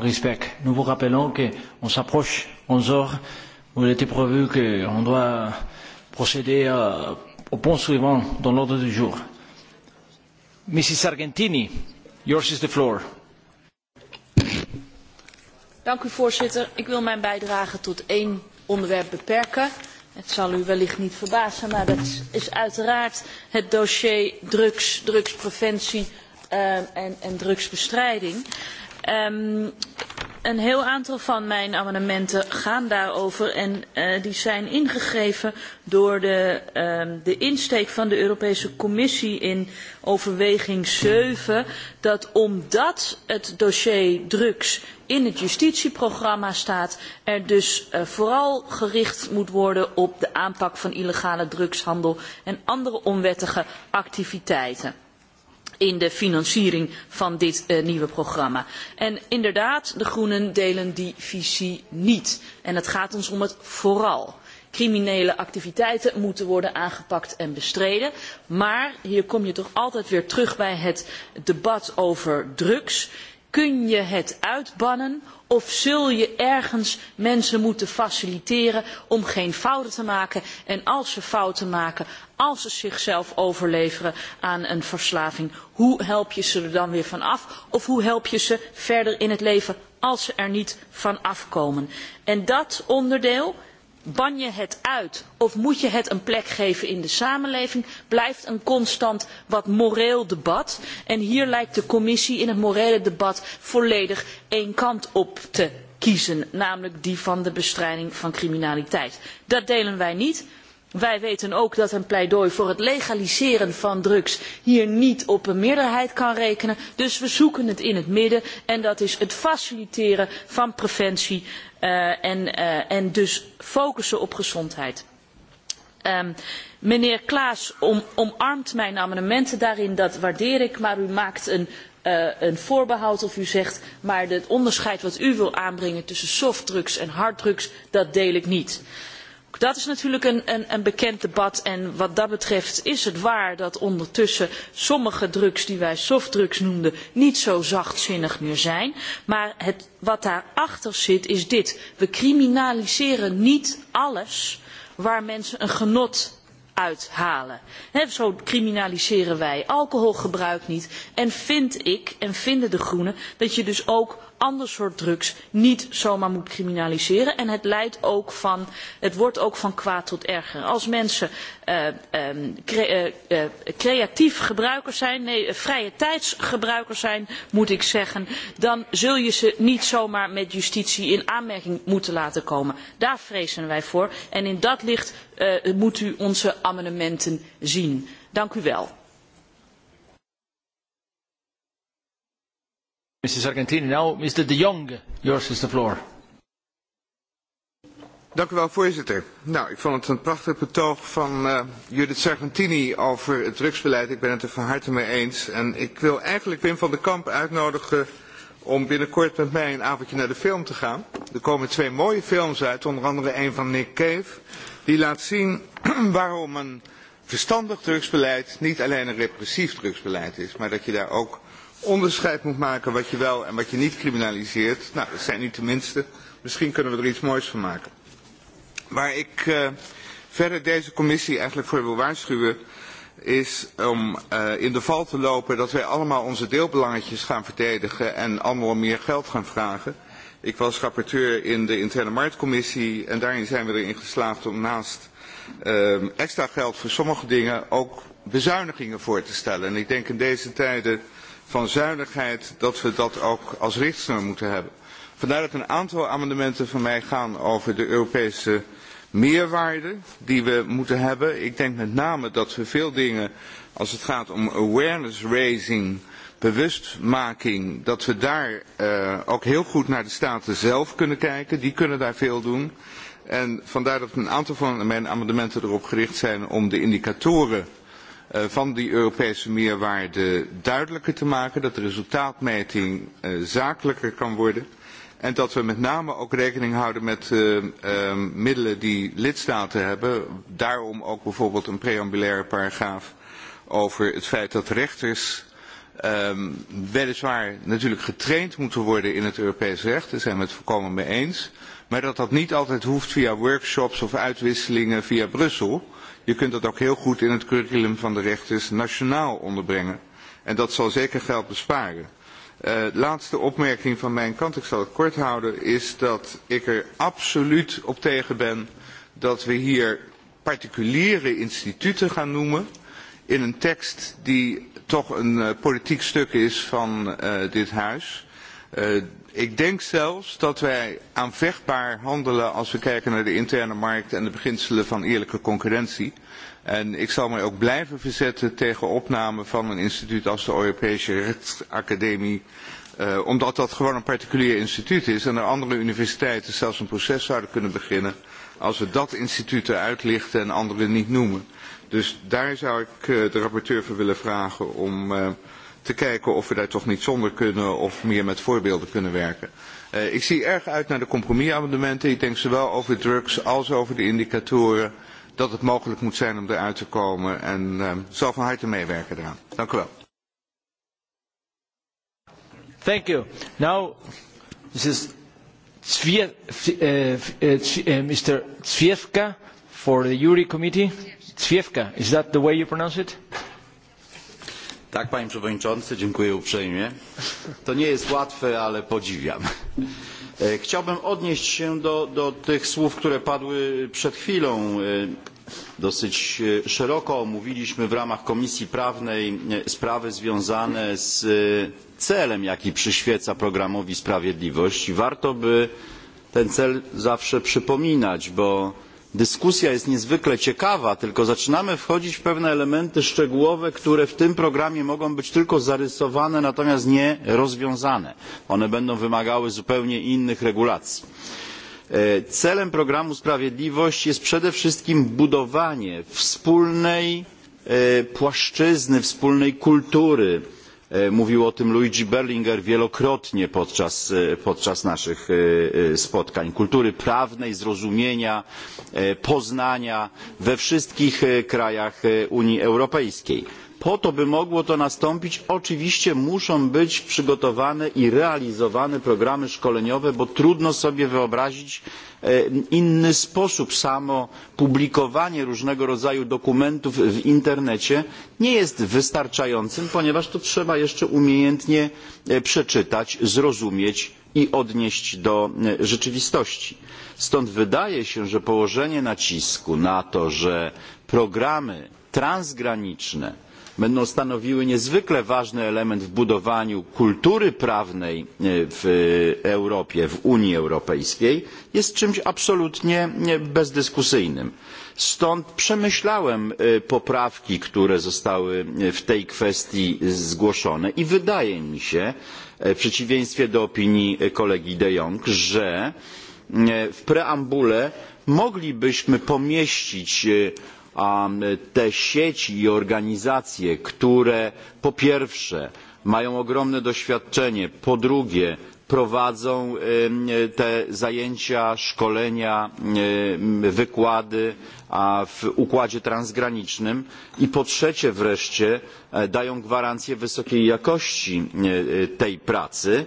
A: Nous vous rappelons qu'on s'approche 11 heures où il était prévu qu'on doit procéder à, au suivant dans l'ordre du jour. Mrs. Argentini, yours is the floor.
K: Dank u voorzitter. Ik wil mijn bijdrage tot één onderwerp beperken. Het zal u wellicht niet verbazen, maar dat is uiteraard het dossier drugs, drugspreventie uh, en, en drugsbestrijding. Um, een heel aantal van mijn amendementen gaan daarover en uh, die zijn ingegeven door de, um, de insteek van de Europese Commissie in overweging 7 dat omdat het dossier drugs in het justitieprogramma staat, er dus uh, vooral gericht moet worden op de aanpak van illegale drugshandel en andere onwettige activiteiten in de financiering van dit uh, nieuwe programma. En inderdaad, de Groenen delen die visie niet. En het gaat ons om het vooral. Criminele activiteiten moeten worden aangepakt en bestreden. Maar hier kom je toch altijd weer terug bij het debat over drugs. Kun je het uitbannen of zul je ergens mensen moeten faciliteren om geen fouten te maken en als ze fouten maken als ze zichzelf overleveren aan een verslaving. Hoe help je ze er dan weer van af? Of hoe help je ze verder in het leven als ze er niet van afkomen? En dat onderdeel, ban je het uit of moet je het een plek geven in de samenleving, blijft een constant wat moreel debat. En hier lijkt de commissie in het morele debat volledig één kant op te kiezen, namelijk die van de bestrijding van criminaliteit. Dat delen wij niet. Wij weten ook dat een pleidooi voor het legaliseren van drugs hier niet op een meerderheid kan rekenen. Dus we zoeken het in het midden en dat is het faciliteren van preventie uh, en, uh, en dus focussen op gezondheid. Um, meneer Klaas om, omarmt mijn amendementen daarin, dat waardeer ik, maar u maakt een, uh, een voorbehoud of u zegt, maar het onderscheid wat u wil aanbrengen tussen softdrugs en harddrugs, dat deel ik niet. Uh, Dat is natuurlijk een, een, een bekend debat en wat dat betreft is het waar dat ondertussen sommige drugs die wij softdrugs noemden niet zo zachtzinnig meer zijn. Maar het, wat daarachter zit is dit. We criminaliseren niet alles waar mensen een genot uithalen. He, zo criminaliseren wij alcoholgebruik niet. En vind ik, en vinden de groenen, dat je dus ook ander soort drugs niet zomaar moet criminaliseren. En het, leidt ook van, het wordt ook van kwaad tot erger. Als mensen uh, um, cre uh, uh, creatief gebruikers zijn, nee, vrije tijdsgebruikers zijn, moet ik zeggen, dan zul je ze niet zomaar met justitie in aanmerking moeten laten komen. Daar vrezen wij voor. En in dat licht uh, moet u onze amendementen zien. Dank u wel.
A: Mr. Sargentini, Now, Mr. De Jong,
K: yours is the floor.
L: Dank u wel, voorzitter. Nou, ik vond het een prachtig betoog van uh, Judith Sargentini over het drugsbeleid. Ik ben het er van harte mee eens. En ik wil eigenlijk Wim van der Kamp uitnodigen om binnenkort met mij een avondje naar de film te gaan. Er komen twee mooie films uit, onder andere een van Nick Cave. Die laat zien (clears throat) waarom een verstandig drugsbeleid niet alleen een repressief drugsbeleid is, maar dat je daar ook onderscheid moet maken wat je wel en wat je niet criminaliseert. Nou, dat zijn niet de minste. Misschien kunnen we er iets moois van maken. Waar ik uh, verder deze commissie eigenlijk voor wil waarschuwen is om uh, in de val te lopen dat wij allemaal onze deelbelangetjes gaan verdedigen en allemaal meer geld gaan vragen. Ik was rapporteur in de interne marktcommissie en daarin zijn we erin geslaagd om naast uh, extra geld voor sommige dingen ook bezuinigingen voor te stellen. En ik denk in deze tijden van zuinigheid, dat we dat ook als richtsnoer moeten hebben. Vandaar dat een aantal amendementen van mij gaan over de Europese meerwaarde die we moeten hebben. Ik denk met name dat we veel dingen, als het gaat om awareness raising, bewustmaking, dat we daar uh, ook heel goed naar de staten zelf kunnen kijken. Die kunnen daar veel doen. En vandaar dat een aantal van mijn amendementen erop gericht zijn om de indicatoren Eh, van die Europese meerwaarde duidelijker te maken, dat de resultaatmeting eh, zakelijker kan worden en dat we met name ook rekening houden met eh, middelen die lidstaten hebben. Daarom ook bijvoorbeeld een preambulaire paragraaf over het feit dat rechters ehm, weliswaar natuurlijk getraind moeten worden in het Europees recht, daar zijn we het volkomen mee eens, maar dat dat niet altijd hoeft via workshops of uitwisselingen via Brussel, Je kunt dat ook heel goed in het curriculum van de rechters nationaal onderbrengen. En dat zal zeker geld besparen. Uh, laatste opmerking van mijn kant, ik zal het kort houden, is dat ik er absoluut op tegen ben dat we hier particuliere instituten gaan noemen in een tekst die toch een uh, politiek stuk is van uh, dit huis. Uh, Ik denk zelfs dat wij aanvechtbaar handelen als we kijken naar de interne markt en de beginselen van eerlijke concurrentie. En ik zal mij ook blijven verzetten tegen opname van een instituut als de Europese Rechtsacademie. Eh, omdat dat gewoon een particulier instituut is en er andere universiteiten zelfs een proces zouden kunnen beginnen als we dat instituut eruit lichten en anderen niet noemen. Dus daar zou ik eh, de rapporteur voor willen vragen om... Eh, te kijken of we daar toch niet zonder kunnen of meer met voorbeelden kunnen werken. Uh, ik zie erg uit naar de compromisamendementen. Ik denk zowel over drugs als over de indicatoren dat het mogelijk moet zijn om eruit te komen. En uh, zal van harte meewerken eraan. Dank u wel.
A: Thank you. Now, this is Zvier, uh, uh, Mr. Zvievka for the Jury Committee. Zvievka, is that the way you pronounce it?
M: Tak, panie przewodniczący, dziękuję uprzejmie. To nie jest łatwe, ale podziwiam. E, chciałbym odnieść się do, do tych słów, które padły przed chwilą. E, dosyć e, szeroko omówiliśmy w ramach Komisji Prawnej sprawy związane z celem, jaki przyświeca programowi Sprawiedliwość. Warto by ten cel zawsze przypominać, bo Dyskusja jest niezwykle ciekawa, tylko zaczynamy wchodzić w pewne elementy szczegółowe, które w tym programie mogą być tylko zarysowane, natomiast nie rozwiązane. One będą wymagały zupełnie innych regulacji. E, celem programu Sprawiedliwość jest przede wszystkim budowanie wspólnej e, płaszczyzny, wspólnej kultury, E, mówił o tym Luigi Berlinger wielokrotnie podczas, e, podczas, naszych e, spotkań. Kultury prawnej, zrozumienia, poznania we wszystkich krajach Unii Europejskiej Po to, by mogło to nastąpić, oczywiście muszą być przygotowane i realizowane programy szkoleniowe, bo trudno sobie wyobrazić e, inny sposób. Samo publikowanie różnego rodzaju dokumentów w internecie nie jest wystarczającym, ponieważ to trzeba jeszcze umiejętnie e, przeczytać, zrozumieć i odnieść do e, rzeczywistości. Stąd wydaje się, że położenie nacisku na to, że programy transgraniczne będą stanowiły niezwykle ważny element w budowaniu kultury prawnej e, w e, Europie, w Unii Europejskiej, jest czymś absolutnie e, bezdyskusyjnym. Stąd przemyślałem poprawki, które zostały w tej kwestii zgłoszone i wydaje mi się, w przeciwieństwie do opinii kolegi de Jong, że w preambule moglibyśmy pomieścić te sieci i organizacje, które po pierwsze mają ogromne doświadczenie, po drugie prowadzą te zajęcia, szkolenia, wykłady w układzie transgranicznym i po trzecie wreszcie e, dają gwarancję wysokiej jakości tej pracy.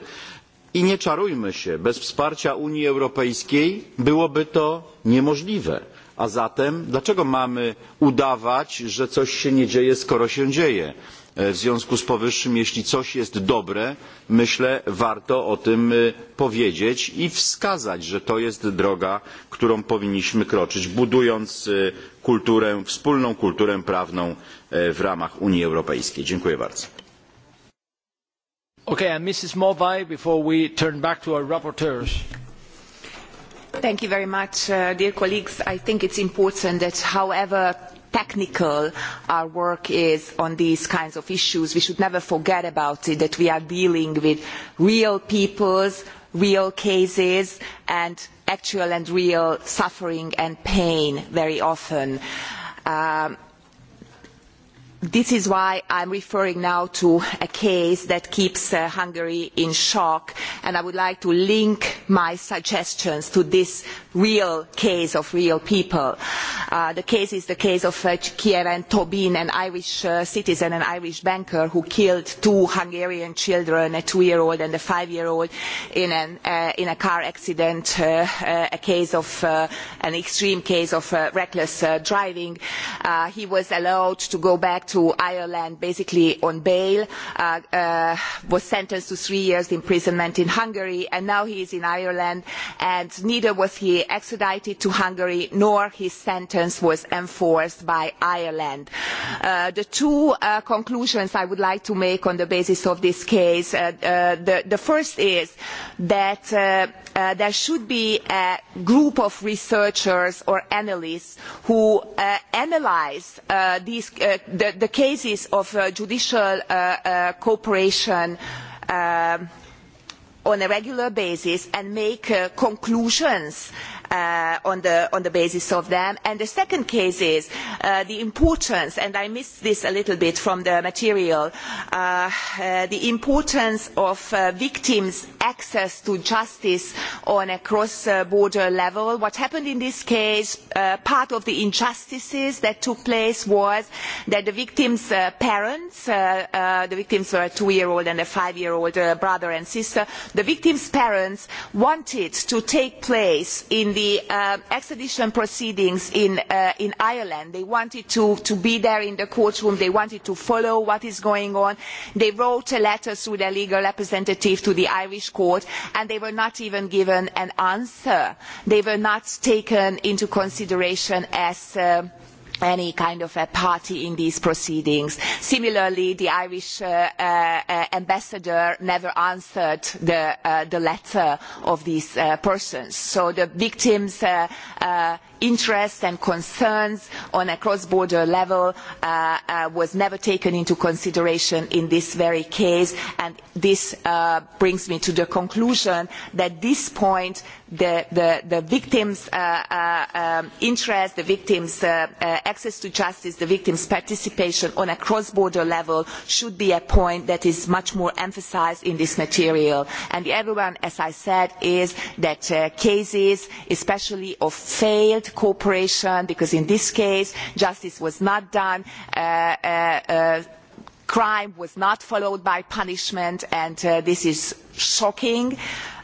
M: I nie czarujmy się, bez wsparcia Unii Europejskiej byłoby to niemożliwe A zatem dlaczego mamy udawać, że coś się nie dzieje, skoro się dzieje? E, w związku z powyższym, jeśli coś jest dobre, myślę, warto o tym e, powiedzieć i wskazać, że to jest droga, którą powinniśmy kroczyć, budując e, kulturę, wspólną kulturę prawną w ramach Unii Europejskiej. Dziękuję bardzo.
A: Okay,
N: Thank you very much, uh, dear colleagues. I think it's important that however technical our work is on these kinds of issues, we should never forget about it, that we are dealing with real peoples, real cases, and actual and real suffering and pain very often. Um, This is why I am referring now to a case that keeps uh, Hungary in shock, and I would like to link my suggestions to this real case of real people. Uh, the case is the case of uh, Kieran Tobin, an Irish uh, citizen, an Irish banker who killed two Hungarian children, a two-year-old and a five-year-old, in, an, uh, in, a car accident, uh, uh, a case of an extreme case of reckless driving. he was allowed to go back to Ireland basically on bail, uh, uh, was sentenced to three years imprisonment in Hungary, and now he is in Ireland, and neither was he extradited to Hungary nor his sentence was enforced by Ireland. Uh, the two uh, conclusions I would like to make on the basis of this case, uh, uh, the, the first is that uh, uh, there should be a group of researchers or analysts who uh, analyze uh, these, uh, the, the cases of uh, judicial uh, uh, cooperation uh, on a regular basis and make uh, conclusions uh, on, the, on the basis of them. And the second case is uh, the importance, and I missed this a little bit from the material, uh, uh, the importance of uh, victims' access to justice on a cross-border level. What happened in this case, uh, part of the injustices that took place was that the victims' uh, parents, uh, uh, the victims were a two-year-old and a five-year-old uh, brother and sister, the victims' parents wanted to take place in the the uh, extradition proceedings in, uh, in Ireland. They wanted to, to be there in the courtroom. They wanted to follow what is going on. They wrote a letter through their legal representative to the Irish court and they were not even given an answer. They were not taken into consideration as uh, any kind of a party in these proceedings. Similarly, the Irish uh, uh, uh, ambassador never answered the, uh, the letter of these uh persons. So the victims' uh, uh interests and concerns on a cross-border level uh, uh, was never taken into consideration in this very case. And this uh, brings me to the conclusion that at this point the, the, the victims' uh, uh, um, interests, the victims' uh, access to justice, the victims' participation on a cross-border level should be a point that is much more emphasised in this material. And the other one, as I said, is that cases, especially of failed cooperation because in this case justice was not done uh, uh, uh, crime was not followed by punishment and this is shocking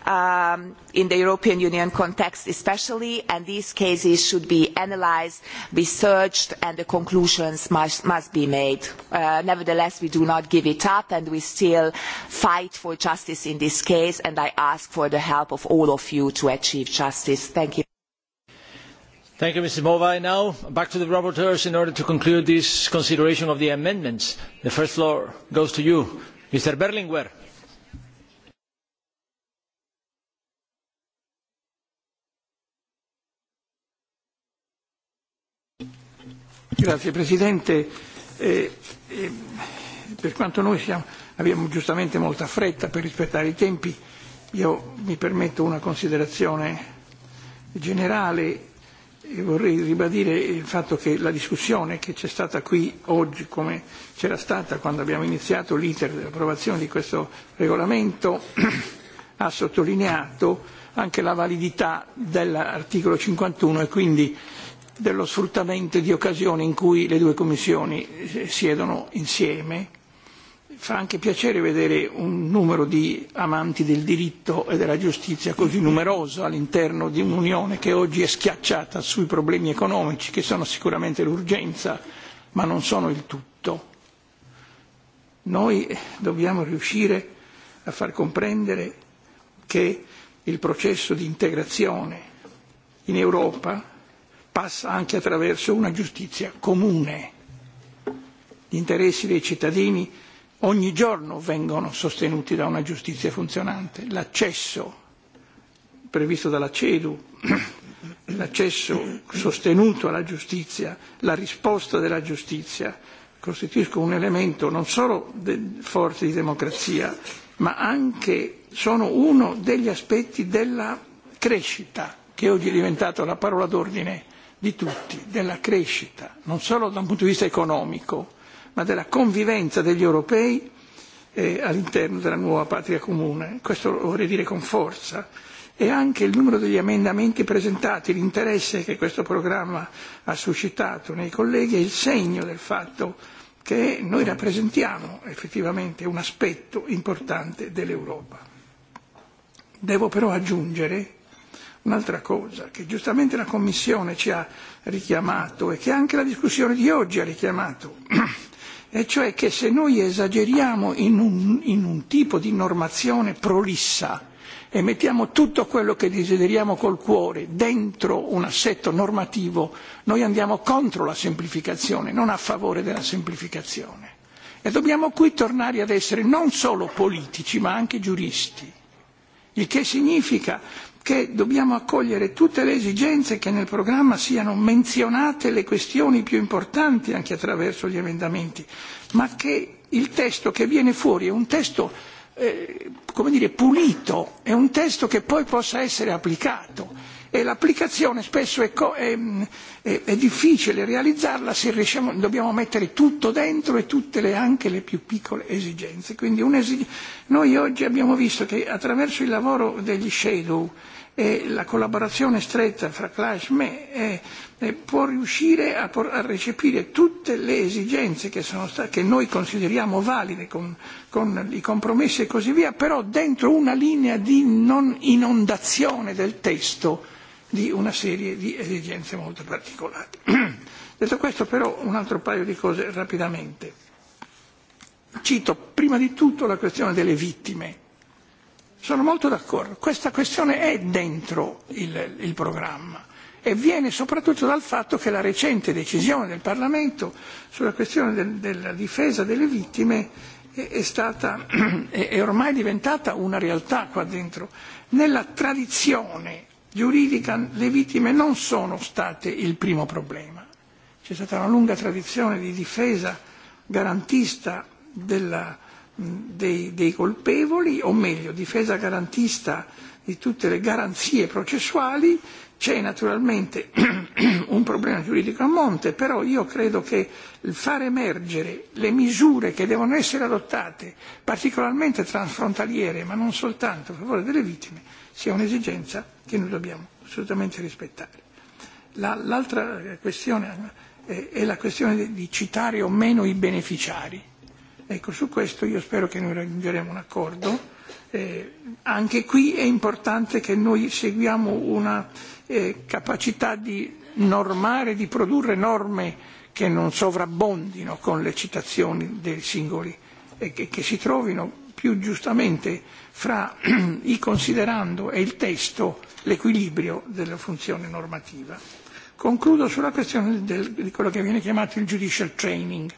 N: um, in the European Union context especially, and these cases should be analysed, researched, and the conclusions must, must be made. Uh, nevertheless, we do not give it up, and we still fight for justice in this case, and I ask for the help of all of you to achieve justice. Thank you.
A: Thank you, Mr. Movai. Now, back to the rapporteurs in order to conclude this consideration of the amendments. The first floor goes to you, Mr. Berlinguer.
C: Grazie Presidente. Eh, eh, per quanto noi siamo, abbiamo giustamente molta fretta per rispettare i tempi, io mi permetto una considerazione generale E vorrei ribadire il fatto che la discussione che c'è stata qui oggi, come c'era stata quando abbiamo iniziato l'iter dell'approvazione di questo regolamento, (clears throat) ha sottolineato anche la validità dell'articolo 51 e quindi dello sfruttamento di occasioni in cui le due commissioni siedono insieme fa anche piacere vedere un numero di amanti del diritto e della giustizia così numeroso all'interno di un'Unione che oggi è schiacciata sui problemi economici che sono sicuramente l'urgenza ma non sono il tutto. Noi dobbiamo riuscire a far comprendere che il processo di integrazione in Europa passa anche attraverso una giustizia comune. Gli interessi dei cittadini ogni giorno vengono sostenuti da una giustizia funzionante. L'accesso previsto dalla CEDU, (clears throat) l'accesso sostenuto alla giustizia, la risposta della giustizia costituiscono un elemento non solo forte di democrazia, ma anche sono uno degli aspetti della crescita, che oggi è diventata la parola d'ordine di tutti, della crescita, non solo da un punto di vista economico, ma della convivenza degli europei eh, all'interno della nuova patria comune. Questo lo vorrei dire con forza. E anche il numero degli emendamenti presentati, l'interesse che questo programma ha suscitato nei colleghi è il segno del fatto che noi rappresentiamo effettivamente un aspetto importante dell'Europa. Devo però aggiungere un'altra cosa che giustamente la Commissione ci ha richiamato e che anche la discussione di oggi ha richiamato (clears throat) e cioè che se noi esageriamo in un, in un tipo di normazione prolissa e mettiamo tutto quello che desideriamo col cuore dentro un assetto normativo, noi andiamo contro la semplificazione, non a favore della semplificazione. E dobbiamo qui tornare ad essere non solo politici ma anche giuristi, il che significa che dobbiamo accogliere tutte le esigenze che nel programma siano menzionate le questioni più importanti anche attraverso gli emendamenti, ma che il testo che viene fuori è un testo eh, come dire, pulito, è un testo che poi possa essere applicato e l'applicazione spesso è, è, è, è difficile realizzarla se riusciamo, dobbiamo mettere tutto dentro e tutte le, anche le più piccole esigenze. Quindi esig- noi oggi abbiamo visto che attraverso il lavoro degli shadow e la collaborazione stretta fra Clash me e, e può riuscire a, por, a recepire tutte le esigenze che, sono sta, che noi consideriamo valide con, con i compromessi e così via, però dentro una linea di non inondazione del testo di una serie di esigenze molto particolari. (clears throat) Detto questo però un altro paio di cose rapidamente. Cito prima di tutto la questione delle vittime Sono molto d'accordo, questa questione è dentro il, il programma e viene soprattutto dal fatto che la recente decisione del Parlamento sulla questione del, della difesa delle vittime è, è, stata, (clears throat) è, è ormai diventata una realtà qua dentro. Nella tradizione giuridica le vittime non sono state il primo problema. C'è stata una lunga tradizione di difesa garantista della dei, dei colpevoli, o meglio difesa garantista di tutte le garanzie processuali, c'è naturalmente (clears throat) un problema giuridico a monte, però io credo che il far emergere le misure che devono essere adottate, particolarmente transfrontaliere, ma non soltanto a favore delle vittime, sia un'esigenza che noi dobbiamo assolutamente rispettare. l'altra questione eh, è la questione di citare o meno i beneficiari Ecco, su questo io spero che noi raggiungeremo un accordo. Eh, anche qui è importante che noi seguiamo una eh, capacità di normare, di produrre norme che non sovrabbondino con le citazioni dei singoli e che, che si trovino più giustamente fra (clears throat) i considerando e il testo l'equilibrio della funzione normativa. Concludo sulla questione del, di quello che viene chiamato il judicial training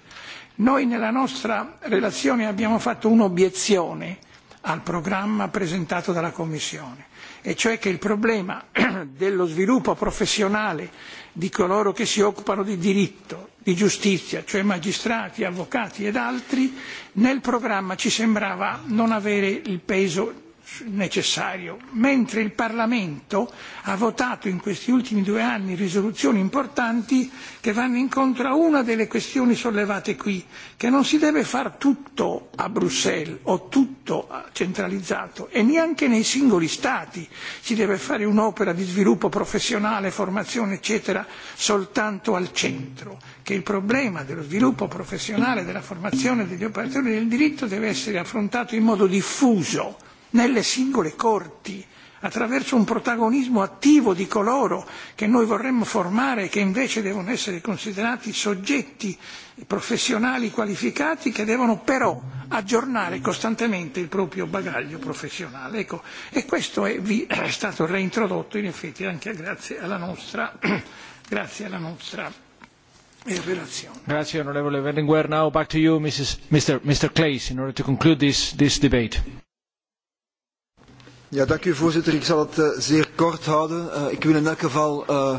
C: Noi nella nostra relazione abbiamo fatto un'obiezione al programma presentato dalla Commissione, e cioè che il problema (clears throat) dello sviluppo professionale di coloro che si occupano di diritto, di giustizia, cioè magistrati, avvocati ed altri, nel programma ci sembrava non avere il peso necessario, mentre il Parlamento ha votato in questi ultimi due anni risoluzioni importanti che vanno incontro a una delle questioni sollevate qui, che non si deve fare tutto a Bruxelles o tutto centralizzato e neanche nei singoli Stati si deve fare un'opera di sviluppo professionale, formazione eccetera soltanto al centro, che il problema dello sviluppo professionale, della formazione degli operatori del diritto deve essere affrontato in modo diffuso nelle singole corti, attraverso un protagonismo attivo di coloro che noi vorremmo formare e che invece devono essere considerati soggetti professionali qualificati che devono però aggiornare costantemente il proprio bagaglio professionale. Ecco, e questo è, vi, è stato reintrodotto in effetti anche grazie alla nostra, (clears throat) grazie alla nostra eh, relazione.
A: Grazie onorevole Berlinguer. Now back to you Mrs. Mr. Mr. Clays in order to conclude this, this debate.
D: Ja, dank u voorzitter. Ik zal het uh, zeer kort houden. Uh, ik wil in elk geval uh,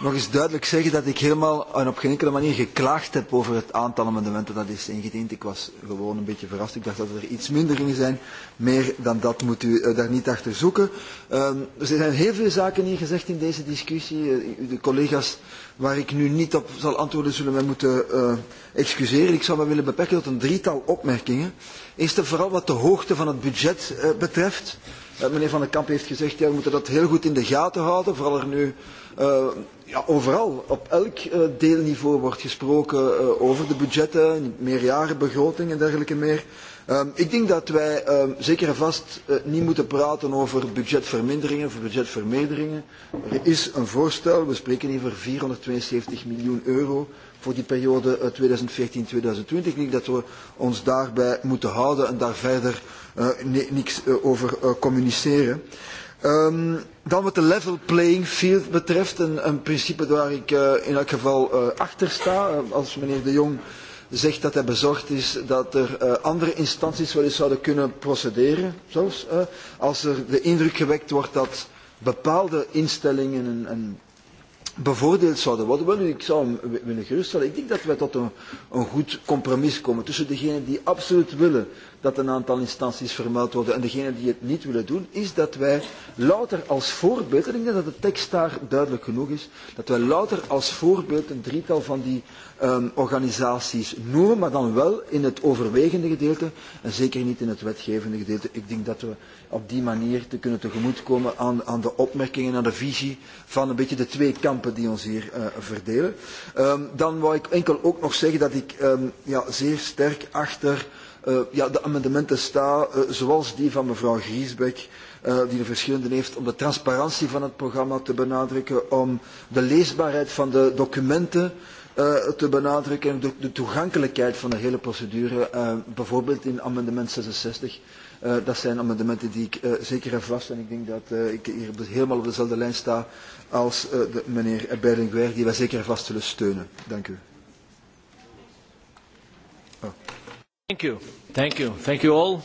D: nog eens duidelijk zeggen dat ik helemaal en op geen enkele manier geklaagd heb over het aantal amendementen dat is ingediend. Ik was gewoon een beetje verrast. Ik dacht dat er iets minder gingen zijn. Meer dan dat moet u uh, daar niet achter zoeken. Uh, er zijn heel veel zaken hier gezegd in deze discussie. Uh, de collega's waar ik nu niet op zal antwoorden zullen mij moeten uh, excuseren. Ik zou me willen beperken tot een drietal opmerkingen. Eerst en vooral wat de hoogte van het budget uh, betreft. Uh, meneer Van der Kamp heeft gezegd, ja, we moeten dat heel goed in de gaten houden, vooral er nu uh, ja, overal op elk uh, deelniveau wordt gesproken uh, over de budgetten, meerjarenbegroting en dergelijke meer. Uh, ik denk dat wij uh, zeker en vast uh, niet moeten praten over budgetverminderingen of budgetvermeerderingen. Er is een voorstel, we spreken hier over 472 miljoen euro voor die periode 2014-2020. Ik denk dat we ons daarbij moeten houden en daar verder Eh, niks eh, over eh, communiceren. Um, dan wat de level playing field betreft, een, een principe waar ik uh, in elk geval uh, achter sta. Uh, als meneer De Jong zegt dat hij bezorgd is dat er uh, andere instanties wel eens zouden kunnen procederen, zelfs uh, als er de indruk gewekt wordt dat bepaalde instellingen en, en bevoordeeld zouden worden. Wel, ik zou hem willen geruststellen. Ik denk dat wij tot een, een goed compromis komen tussen degenen die absoluut willen dat een aantal instanties vermeld worden. En degene die het niet willen doen, is dat wij louter als voorbeeld, en ik denk dat de tekst daar duidelijk genoeg is, dat wij louter als voorbeeld een drietal van die um, organisaties noemen, maar dan wel in het overwegende gedeelte en zeker niet in het wetgevende gedeelte. Ik denk dat we op die manier te kunnen tegemoetkomen aan, aan de opmerkingen, aan de visie van een beetje de twee kampen die ons hier uh, verdelen. Um, dan wou ik enkel ook nog zeggen dat ik um, ja, zeer sterk achter Uh, ja, de amendementen staan, uh, zoals die van mevrouw Giesbeck, uh, eh, die er verschillende heeft, om de transparantie van het programma te benadrukken, om de leesbaarheid van de documenten uh, te benadrukken en de, de toegankelijkheid van de hele procedure, uh, bijvoorbeeld in amendement 66. Uh, dat zijn amendementen die ik uh, zeker heb vast en ik denk dat uh, ik hier helemaal op dezelfde lijn sta als uh, de, meneer Berlinguer, die wij zeker vast zullen steunen. Dank u. Oh.
A: Thank you. Thank you. Thank you all,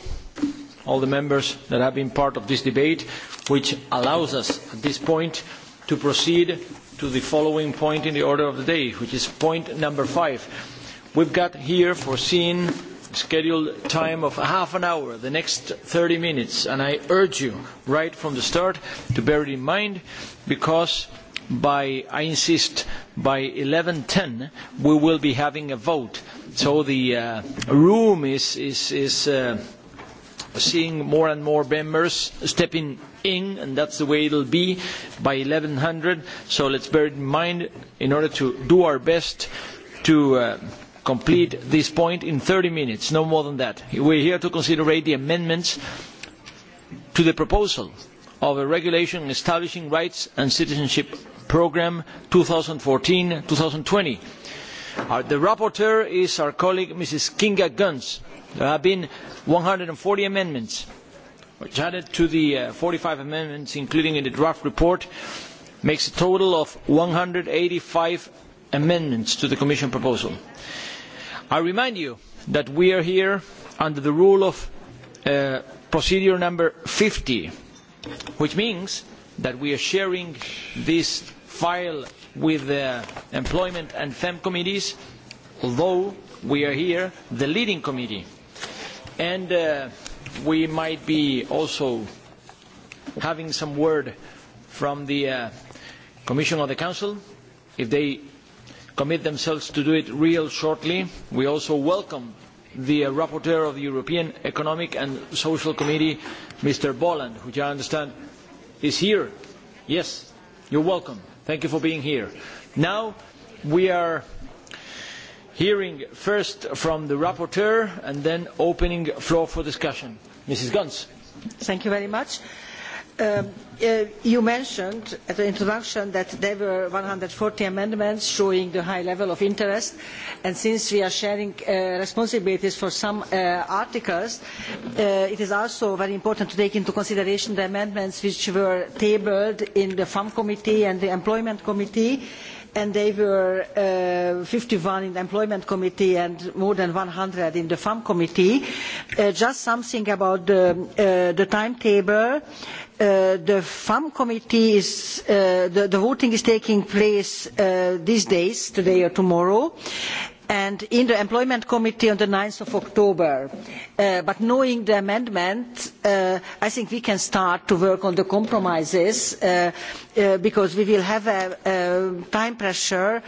A: all the members that have been part of this debate, which allows us at this point to proceed to the following point in the order of the day, which is point number five. We've got here foreseen scheduled time of half an hour, the next 30 minutes, and I urge you right from the start to bear it in mind because by, I insist, by 11.10 we will be having a vote so the uh, room is, is, is uh, seeing more and more members stepping in, and that's the way it'll be by 1100. So let's bear it in mind in order to do our best to uh, complete this point in 30 minutes, no more than that. We're here to consider the amendments to the proposal of a regulation establishing rights and citizenship program 2014-2020 Our, the rapporteur is our colleague Mrs. Kinga Guns. There have been one hundred and forty amendments, which added to the forty uh, five amendments including in the draft report makes a total of one hundred and eighty five amendments to the Commission proposal. I remind you that we are here under the rule of uh, procedure number fifty, which means that we are sharing this file with the employment and FEM committees, although we are here the leading committee. And uh, we might be also having some word from the uh, Commission or the Council, if they commit themselves to do it real shortly. We also welcome the uh, rapporteur of the European Economic and Social Committee, Mr. Boland, who I understand is here. Yes, you're welcome. Thank you for being here. Now we are hearing first from the rapporteur and then opening floor for discussion. Mrs. Guns.
G: Thank you very much. Um, uh, you mentioned at the introduction that there were one hundred and forty amendments showing the high level of interest and since we are sharing uh, responsibilities for some uh, articles uh, it is also very important to take into consideration the amendments which were tabled in the farm committee and the employment committee and they were uh, 51 in the employment committee and more than 100 in the farm committee. Uh, just something about the, uh, the timetable. Uh, the FAM committee is, uh, the, the, voting is taking place uh, these days, today or tomorrow, and in the employment committee on the 9th of October. Uh, but knowing the amendment, uh, I think we can start to work on the compromises because we will have a, a time pressure.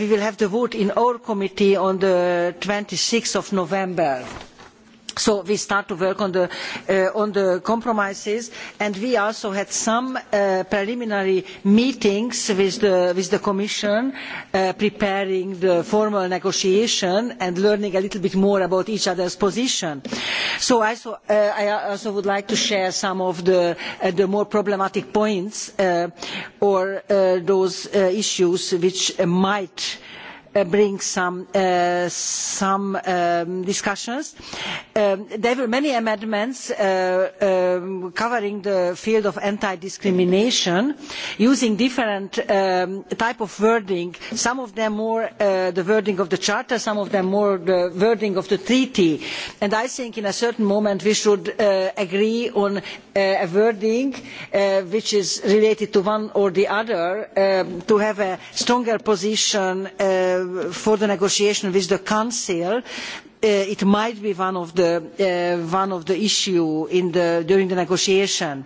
G: we will have the vote in our committee on the 26th of November. So we start to work on the, uh, on the compromises and we also had some uh, preliminary meetings with the, with the Commission uh, preparing the formal negotiation and learning a little bit more about each other's position. So I, so, uh, I also would like to share some of the, uh, the more problematic points uh, or uh, those uh, issues which uh, might uh, Uh, bring some, uh, some um, discussions. Um, there were many amendments uh, um, covering the field of anti-discrimination using different um, types of wording, some of them more the wording of the Charter, some of them more the wording of the treaty. And I think in a certain moment we should agree on a wording which is related to one or the other um, to have a stronger position uh, Uh, for the negotiation with the Council, uh, it might be one of the, uh, one of the issues during the negotiation.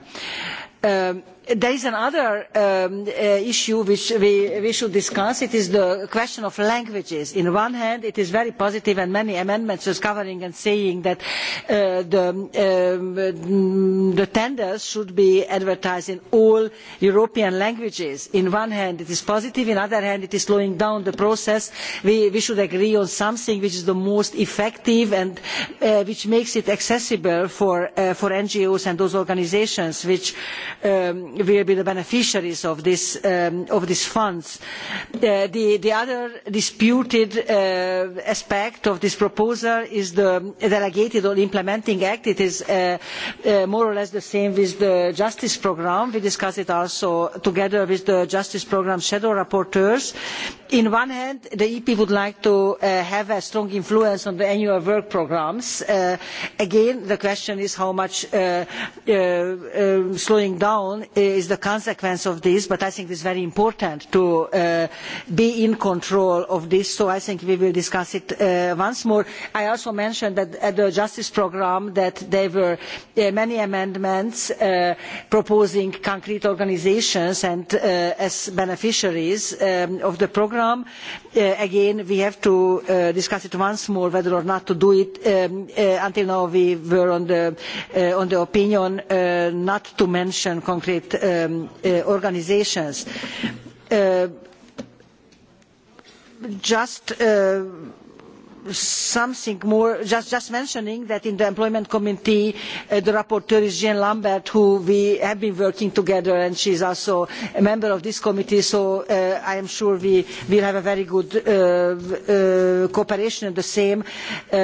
G: Um, There is another um, uh, issue which we, we should discuss. It is the question of languages. On the one hand, it is very positive and many amendments are covering and saying that uh, the, um, the, tenders should be advertised in all European languages. On the one hand, it is positive. On the other hand, it is slowing down the process. We, we should agree on something which is the most effective and uh, which makes it accessible for, uh, for NGOs and those organisations which um, will be the beneficiaries of, this, um, of these funds. Uh, the, the, other disputed uh, aspect of this proposal is the delegated or implementing act. It is uh, more or less the same with the justice programme. We discussed it also together with the justice programme shadow rapporteurs. On one hand, the EP would like to have a strong influence on the annual work programmes. again, the question is how much um, slowing down is the consequence of this, but I think it is very important to uh, be in control of this, so I think we will discuss it uh, once more. I also mentioned that at the Justice Programme that there were uh, many amendments uh, proposing concrete organisations and uh, as beneficiaries um, of the programme. Uh, again, we have to discuss it once more whether or not to do it. Um, until now we were on the, on the opinion not to mention concrete um, uh, organisations. Uh, just uh, something more, just, just mentioning that in the Employment Committee, uh, the rapporteur is Jean Lambert, who we have been working together, and she is also a member of this committee, so uh, I am sure we will have a very good uh, uh cooperation, and the same um,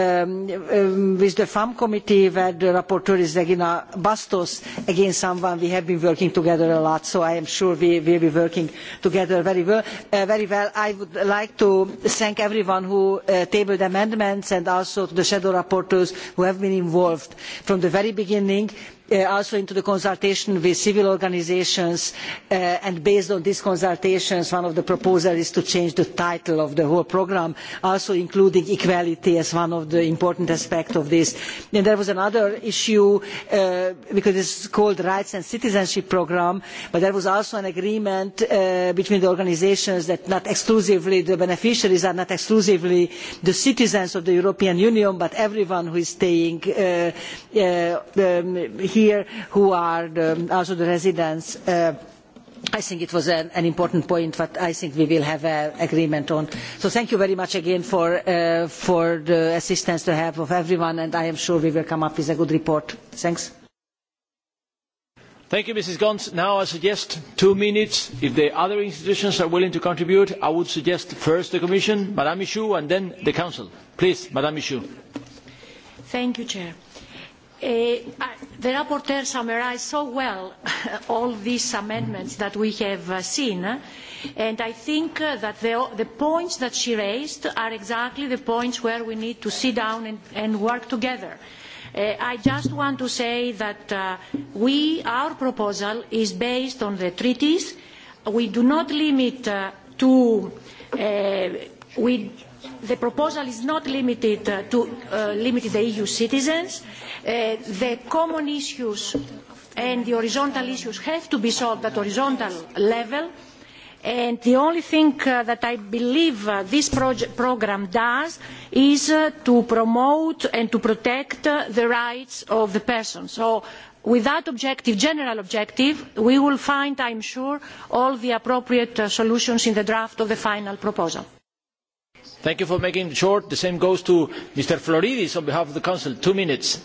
G: um, with the FAM Committee, where the rapporteur is Regina Bastos, again someone we have been working together a lot, so I am sure we, we will be working together very well. Uh, very well. I would like to thank everyone who uh, tabled amendments and also to the shadow rapporteurs who have been involved from the very beginning Uh, also into the consultation with civil organisations uh, and based on these consultations one of the proposals is to change the title of the whole programme also including equality as one of the important aspects of this. And there was another issue uh, because it is called the rights and citizenship programme but there was also an agreement uh, between the organisations that not exclusively the beneficiaries are not exclusively the citizens of the european union but everyone who is staying uh, uh, um, here who are the, also the residents uh, I think it was an, an important point that I think we will have an agreement on. So thank you very much again for, uh, for the assistance to have of everyone and I am sure we will come up with a good report. Thanks.
A: Thank you, Mrs. Gons. Now I suggest two minutes. If the other institutions are willing to contribute, I would suggest first the Commission, Madame Michou, and then the Council. Please, Madame Michou.
F: Thank you, Chair. Eh, the rapporteur summarised so well (laughs) all these amendments that we have uh, seen, and I think uh, that the, the, points that she raised are exactly the points where we need to sit down and, and work together. Uh, I just want to say that uh, we, our proposal is based on the treaties. We do not limit uh, to, uh, we the proposal is not limited uh, to uh, limited the EU citizens. Uh, the common issues and the horizontal issues have to be solved at horizontal level. And the only thing uh, that I believe uh, this programme program does is uh, to promote and to protect uh, the rights of the person. So with that objective, general objective, we will find, I am sure, all the appropriate uh, solutions in the draft of the final proposal.
A: Thank you for making it short. The same goes to Mr. Floridis on behalf of the Council. Two minutes.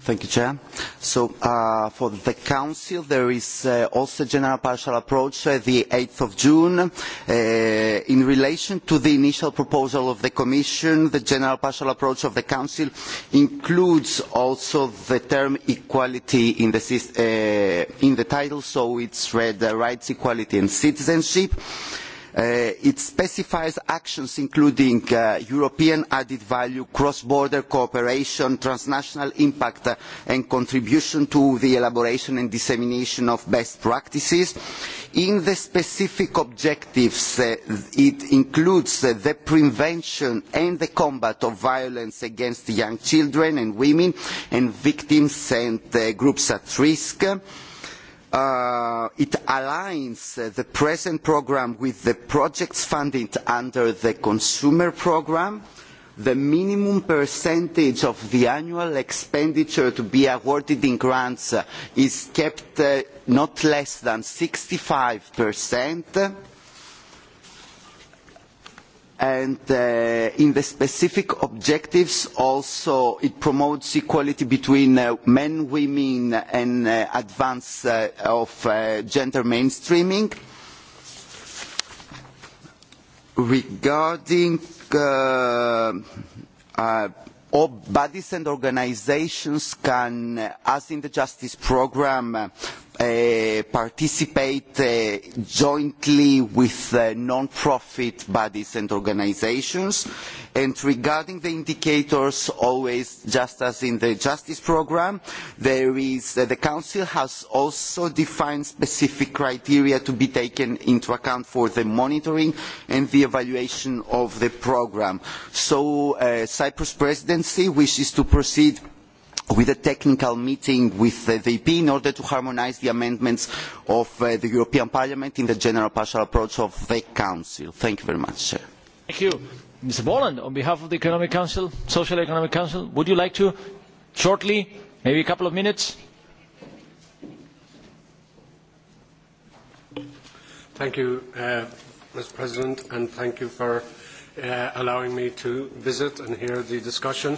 E: Thank you, Chair. So uh, for the Council, there is uh, also a general partial approach uh, the 8th of June. Uh, in relation to the initial proposal of the Commission, the general partial approach of the Council includes also the term equality in the, uh, in the title, so it's read uh, rights, equality and citizenship. Uh, Uh, it specifies actions including uh, European added value, cross-border cooperation, transnational impact uh, and contribution to the elaboration and dissemination of best practices. In the specific objectives, uh, it includes uh, the prevention and the combat of violence against young children and women and victims and uh, groups at risk. Uh, Uh, it aligns uh, the present programme with the projects funded under the consumer programme. The minimum percentage of the annual expenditure to be awarded in grants uh, is kept uh, not less than sixty 65% and uh, in the specific objectives also it promotes equality between uh, men, women and uh, advance uh, of uh, gender mainstreaming. Regarding uh, uh, all bodies and organizations can, uh, as in the justice program, uh, Uh, participate uh, jointly with uh, non-profit bodies and organizations. And regarding the indicators, always just as in the justice program, there is, uh, the Council has also defined specific criteria to be taken into account for the monitoring and the evaluation of the program. So uh, Cyprus presidency wishes to proceed with a technical meeting with uh, the VP in order to harmonise the amendments of uh, the European Parliament in the general partial approach of the Council. Thank you very much, Sir.
A: Thank you. Mr. Boland, on behalf of the Economic Council, Social Economic Council, would you like to shortly, maybe a couple of minutes?
O: Thank you, uh, Mr. President, and thank you for uh, allowing me to visit and hear the discussion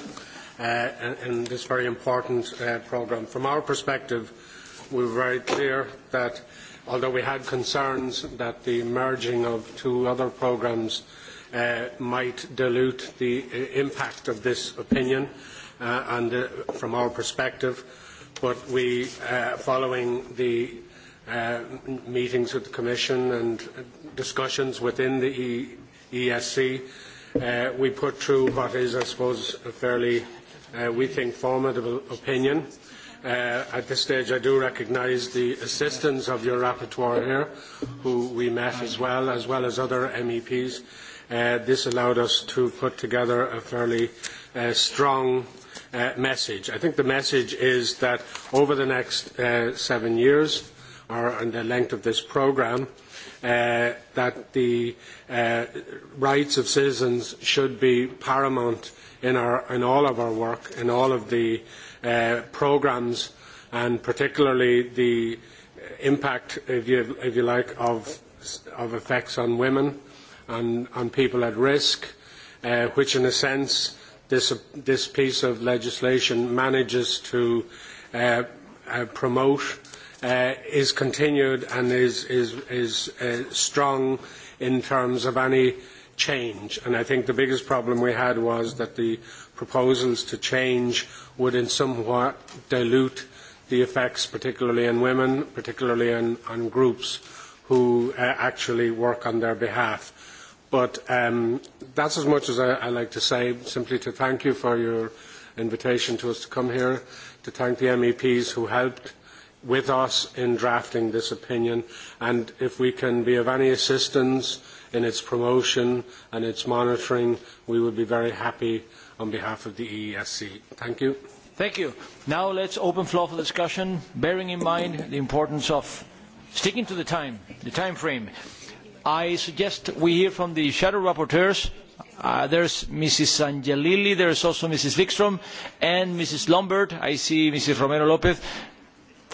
O: uh, in, in this very important uh, programme. From our perspective, we were very clear that although we had concerns that the merging of two other programmes uh, might dilute the uh, impact of this opinion, uh, and uh, from our perspective, but we, uh, following the uh, meetings with the Commission and discussions within the e ESC, uh, we put through what is, I suppose, a fairly uh, we think, formidable opinion. Uh, at this stage, I do recognise the assistance of your rapporteur here, who we met as well, as well as other MEPs. Uh, this allowed us to put together a fairly uh, strong uh, message. I think the message is that over the next uh, seven years, or in the length of this programme, uh, that the uh, rights of citizens should be paramount in, our, in all of our work, in all of the uh, programmes, and particularly the impact, if you, if you like, of, of effects on women and on people at risk, uh, which in a sense this, this piece of legislation manages to uh, uh, promote uh, is continued and is, is, is uh, strong in terms of any change. And I think the biggest problem we had was that the proposals to change would in somewhat dilute the effects, particularly on women, particularly on, on groups who uh, actually work on their behalf. But um, that's as much as I, I like to say, simply to thank you for your invitation to us to come here, to thank the MEPs who helped with us in drafting this opinion, and if we can be of any assistance in its promotion and its monitoring, we would be very happy on behalf of the EESC. Thank you. Thank you. Now let's open floor for discussion, bearing in
A: mind the importance of sticking to the time, the time frame. I suggest we hear from the shadow rapporteurs. Uh, there's Mrs. Angelilli, there's also Mrs. Wikstrom and Mrs. Lombard. I see Mrs. Romero Lopez.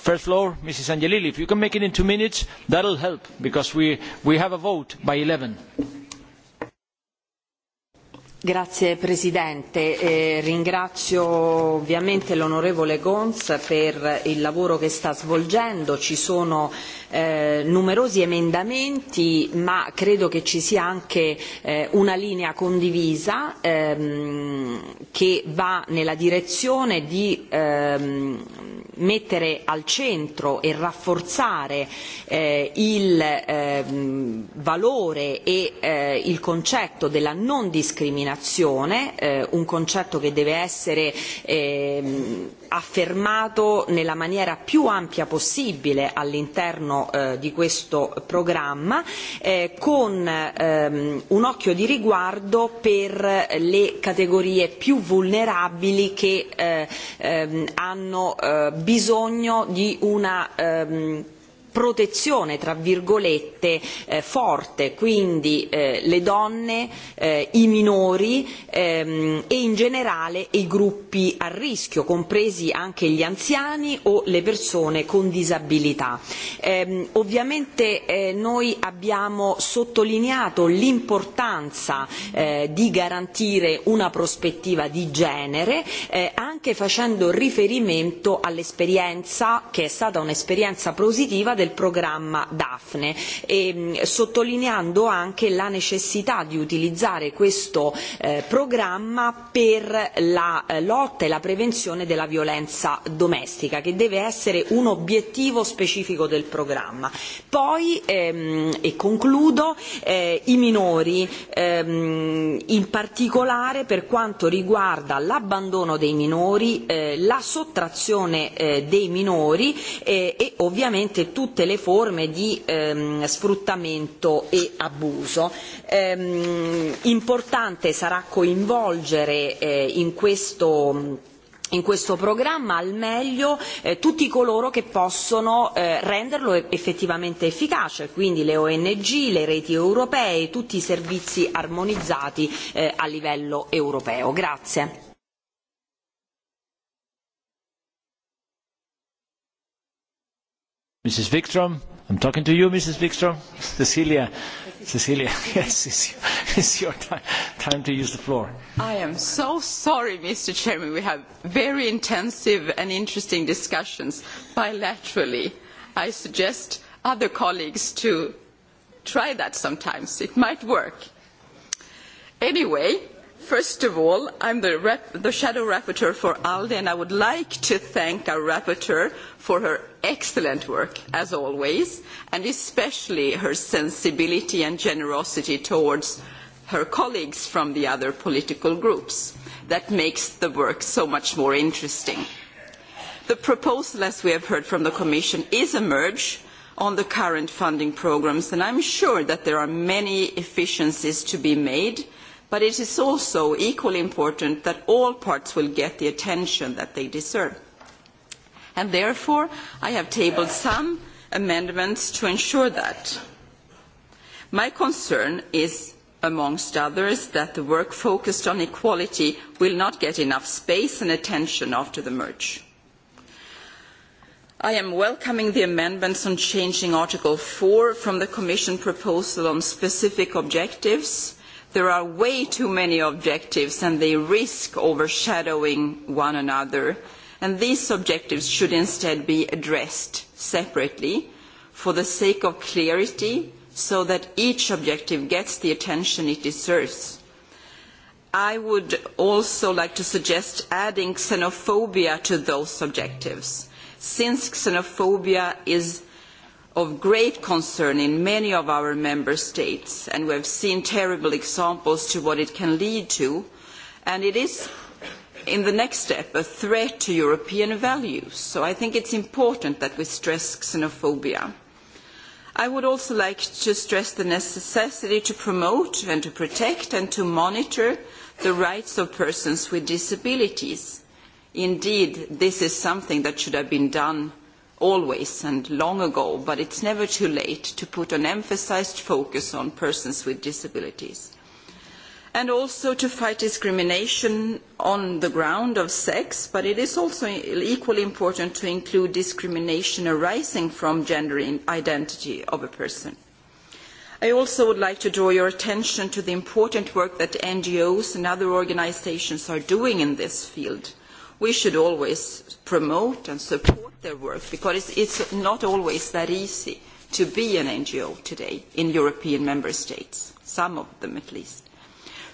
A: First floor, Mrs. Angelilli, if you can make it in two minutes, that will help because we, we have a vote by 11.
P: Grazie Presidente, eh, ringrazio ovviamente l'onorevole Gons per il lavoro che sta svolgendo, ci sono eh, numerosi emendamenti ma credo che ci sia anche eh, una linea condivisa ehm, che va nella direzione di ehm, mettere al centro e rafforzare eh, il eh, valore e eh, il concetto della non discriminazione, eh, un concetto che deve essere eh, affermato nella maniera più ampia possibile all'interno eh, di questo programma, eh, con ehm, un occhio di riguardo per le categorie più vulnerabili che eh, ehm, hanno eh, bisogno di una um, protezione tra virgolette eh, forte, quindi eh, le donne, eh, i minori ehm, e in generale i gruppi a rischio, compresi anche gli anziani o le persone con disabilità. Eh, ovviamente eh, noi abbiamo sottolineato l'importanza eh, di garantire una prospettiva di genere eh, anche facendo riferimento all'esperienza che è stata un'esperienza positiva del programma Daphne, e, mm, sottolineando anche la necessità di utilizzare questo eh, programma per la eh, lotta e la prevenzione della violenza domestica, che deve essere un obiettivo specifico del programma. Poi, ehm, e concludo, eh, i minori, ehm, in particolare per quanto riguarda l'abbandono dei minori, eh, la sottrazione eh, dei minori eh, e ovviamente tutto tutte le forme di ehm, sfruttamento e abuso. Ehm, importante sarà coinvolgere eh, in questo in questo programma al meglio eh, tutti coloro che possono eh, renderlo e-, effettivamente efficace, quindi le ONG, le reti europee, e tutti i servizi armonizzati eh, a livello europeo. Grazie.
A: Mrs. Vikstrom, I'm talking to you, Mrs. Vikstrom. (laughs) Cecilia, Cecilia, (laughs) yes, it's, (laughs) it's your time, time to use the floor.
Q: I am so sorry, Mr. Chairman. We have very intensive and interesting discussions bilaterally. I suggest other colleagues to try that sometimes. It might work. Anyway, first of all, I am the, the shadow rapporteur for ALDE, and I would like to thank our rapporteur for her excellent work, as always, and especially her sensibility and generosity towards her colleagues from the other political groups. That makes the work so much more interesting. The proposal, as we have heard from the Commission, is a merge on the current funding programmes, and I am sure that there are many efficiencies to be made – But it is also equally important that all parts will get the attention that they deserve. And therefore, I have tabled some amendments to ensure that. My concern is amongst others, that the work focused on equality will not get enough space and attention after the merge. I am welcoming the amendments on changing Article four from the Commission proposal on specific objectives There are way too many objectives and they risk overshadowing one another. And these objectives should instead be addressed separately for the sake of clarity so that each objective gets the attention it deserves. I would also like to suggest adding xenophobia to those objectives, since xenophobia is of great concern in many of our member states, and we have seen terrible examples of what it can lead to, and it is, in the next step, a threat to European values. So I think it is important that we stress xenophobia. I would also like to stress the necessity to promote and to protect and to monitor the rights of persons with disabilities. Indeed, this is something that should have been done always and long ago, but it is never too late to put an emphasised focus on persons with disabilities. And also to fight discrimination on the ground of sex, but it is also equally important to include discrimination arising from gender identity of a person. I also would like to draw your attention to the important work that NGOs and other organisations are doing in this field we should always promote and support their work because it is not always that easy to be an NGO today in European member states, some of them at least.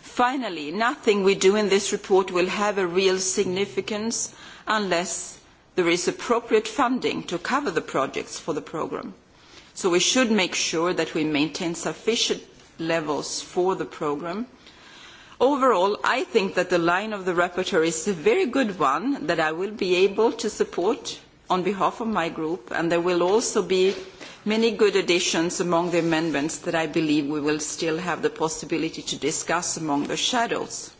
Q: Finally, nothing we do in this report will have a real significance unless there is appropriate funding to cover the projects for the programme. So we should make sure that we maintain sufficient levels for the programme Overall, I think that the line of the rapporteur is a very good one that I will be able to support on behalf of my group, and there will also be many good additions among the amendments that I believe we will still have the possibility to discuss among the shadows.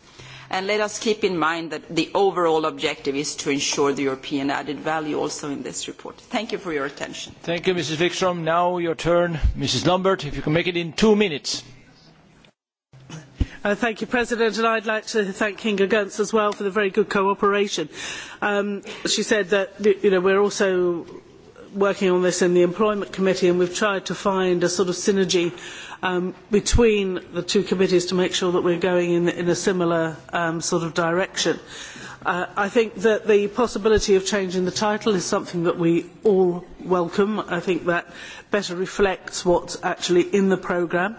Q: And let us keep in mind that the overall objective is to ensure the European added value also in this report. Thank you for your
A: attention. Thank you, Mrs. Wikström. Now your turn, Mrs. Lambert, if you can make it in two minutes.
R: Uh, thank you, President, and I'd like to thank Kinga Guntz as well for the very good cooperation. Um, she said that you know, we're also working on this in the Employment Committee and we've tried to find a sort of synergy um, between the two committees to make sure that we're going in, in a similar um, sort of direction. Uh, I think that the possibility of changing the title is something that we all welcome. I think that better reflects what's actually in the programme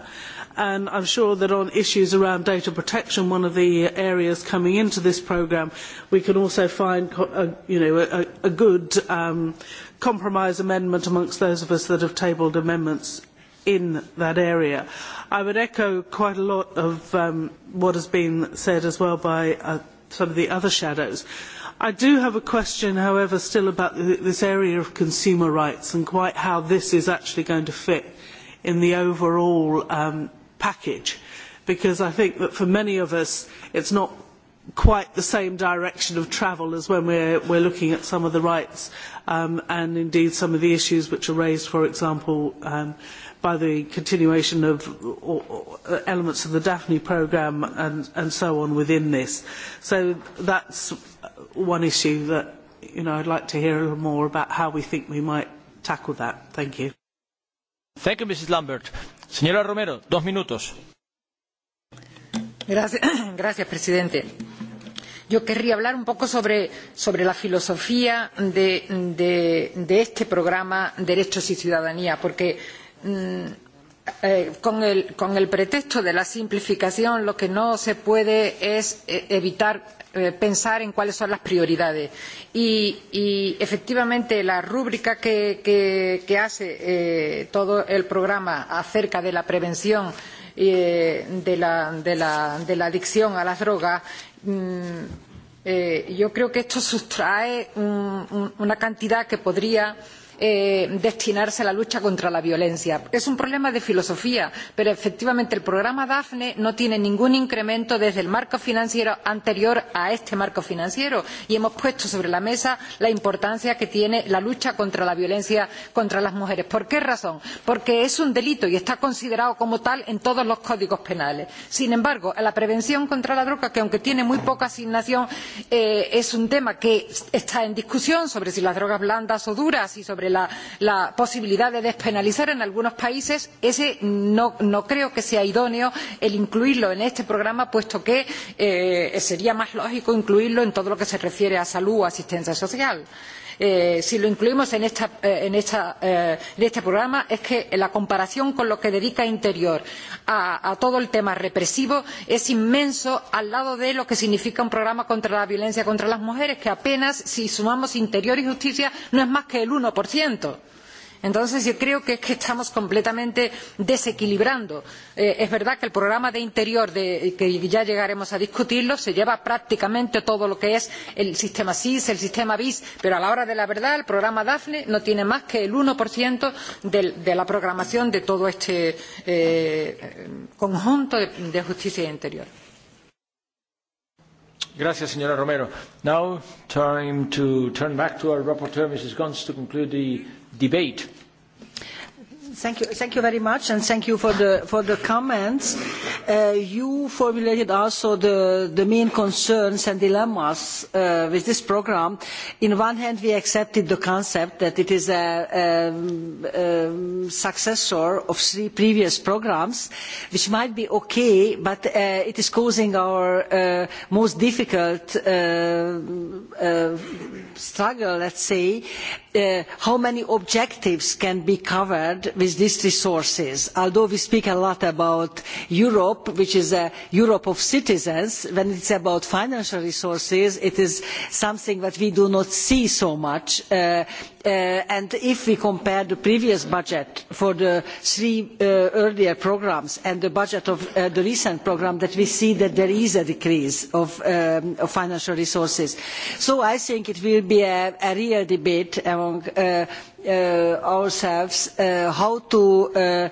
R: and I am sure that on issues around data protection, one of the areas coming into this programme, we can also find a, you know, a, a good um, compromise amendment amongst those of us that have tabled amendments in that area. I would echo quite a lot of um, what has been said as well by uh, some of the other shadows. I do have a question, however, still about th this area of consumer rights and quite how this is actually going to fit in the overall um, package because I think that for many of us it is not quite the same direction of travel as when we are looking at some of the rights um, and indeed some of the issues which are raised, for example, um, by the continuation of or, or uh, elements of the Daphne programme and, and so on within this. So that's one issue that you know, I'd like to hear a little more about how we think we might tackle that. Thank you.
A: Thank you, Mrs. Lambert. Señora Romero, dos minutos.
I: Gracias, (coughs) gracias presidente. Yo querría hablar un poco sobre, sobre la filosofía de, de, de, este programa Derechos y Ciudadanía, porque mmm, Eh, con, el, con el pretexto de la simplificación lo que no se puede es eh, evitar eh, pensar en cuáles son las prioridades. Y, y efectivamente la rúbrica que, que, que hace eh, todo el programa acerca de la prevención eh, de, la, de, la, de la adicción a las drogas mmm, eh, yo creo que esto sustrae un, un, una cantidad que podría eh, eh, destinarse a la lucha contra la violencia. Es un problema de filosofía, pero efectivamente el programa DAFNE no tiene ningún incremento desde el marco financiero anterior a este marco financiero y hemos puesto sobre la mesa la importancia que tiene la lucha contra la violencia contra las mujeres. ¿Por qué razón? Porque es un delito y está considerado como tal en todos los códigos penales. Sin embargo, la prevención contra la droga, que aunque tiene muy poca asignación, eh, es un tema que está en discusión sobre si las drogas blandas o duras y sobre sobre la, la posibilidad de despenalizar en algunos países, ese no, no, creo que sea idóneo el incluirlo en este programa, puesto que eh, sería más lógico incluirlo en todo lo que se refiere a salud o asistencia social. Eh, Eh, si lo incluimos en, esta, eh, en, esta, eh, en este programa es que la comparación con lo que dedica Interior a, a todo el tema represivo es inmenso al lado de lo que significa un programa contra la violencia contra las mujeres, que apenas si sumamos Interior y Justicia no es más que el 1%. Entonces yo creo que, es que estamos completamente desequilibrando. Eh, es verdad que el programa de interior, de, que ya llegaremos a discutirlo, se lleva prácticamente todo lo que es el sistema SIS, el sistema BIS, pero a la hora de la verdad el programa DAFNE no tiene más que el 1% de, de la programación de todo este eh, conjunto de, de justicia e interior.
A: Gracias, señora Romero. Now, time to turn back to our rapporteur, Mrs. Gons, to conclude the debate
G: Thank you, thank you very much and thank you for the, for the comments. Uh, you formulated also the, the main concerns and dilemmas uh, with this program. In one hand, we accepted the concept that it is a, a, a successor of three previous programs, which might be okay, but uh, it is causing our uh, most difficult uh, uh, struggle, let's say, uh, how many objectives can be covered with with these resources. Although we speak a lot about Europe, which is a Europe of citizens, when it is about financial resources, it is something that we do not see so much uh, Uh, and if we compare the previous budget for the three uh, earlier programmes and the budget of uh, the recent programme, we see that there is a decrease of, um, of, financial resources. So I think it will be a, a real debate among ourselves how to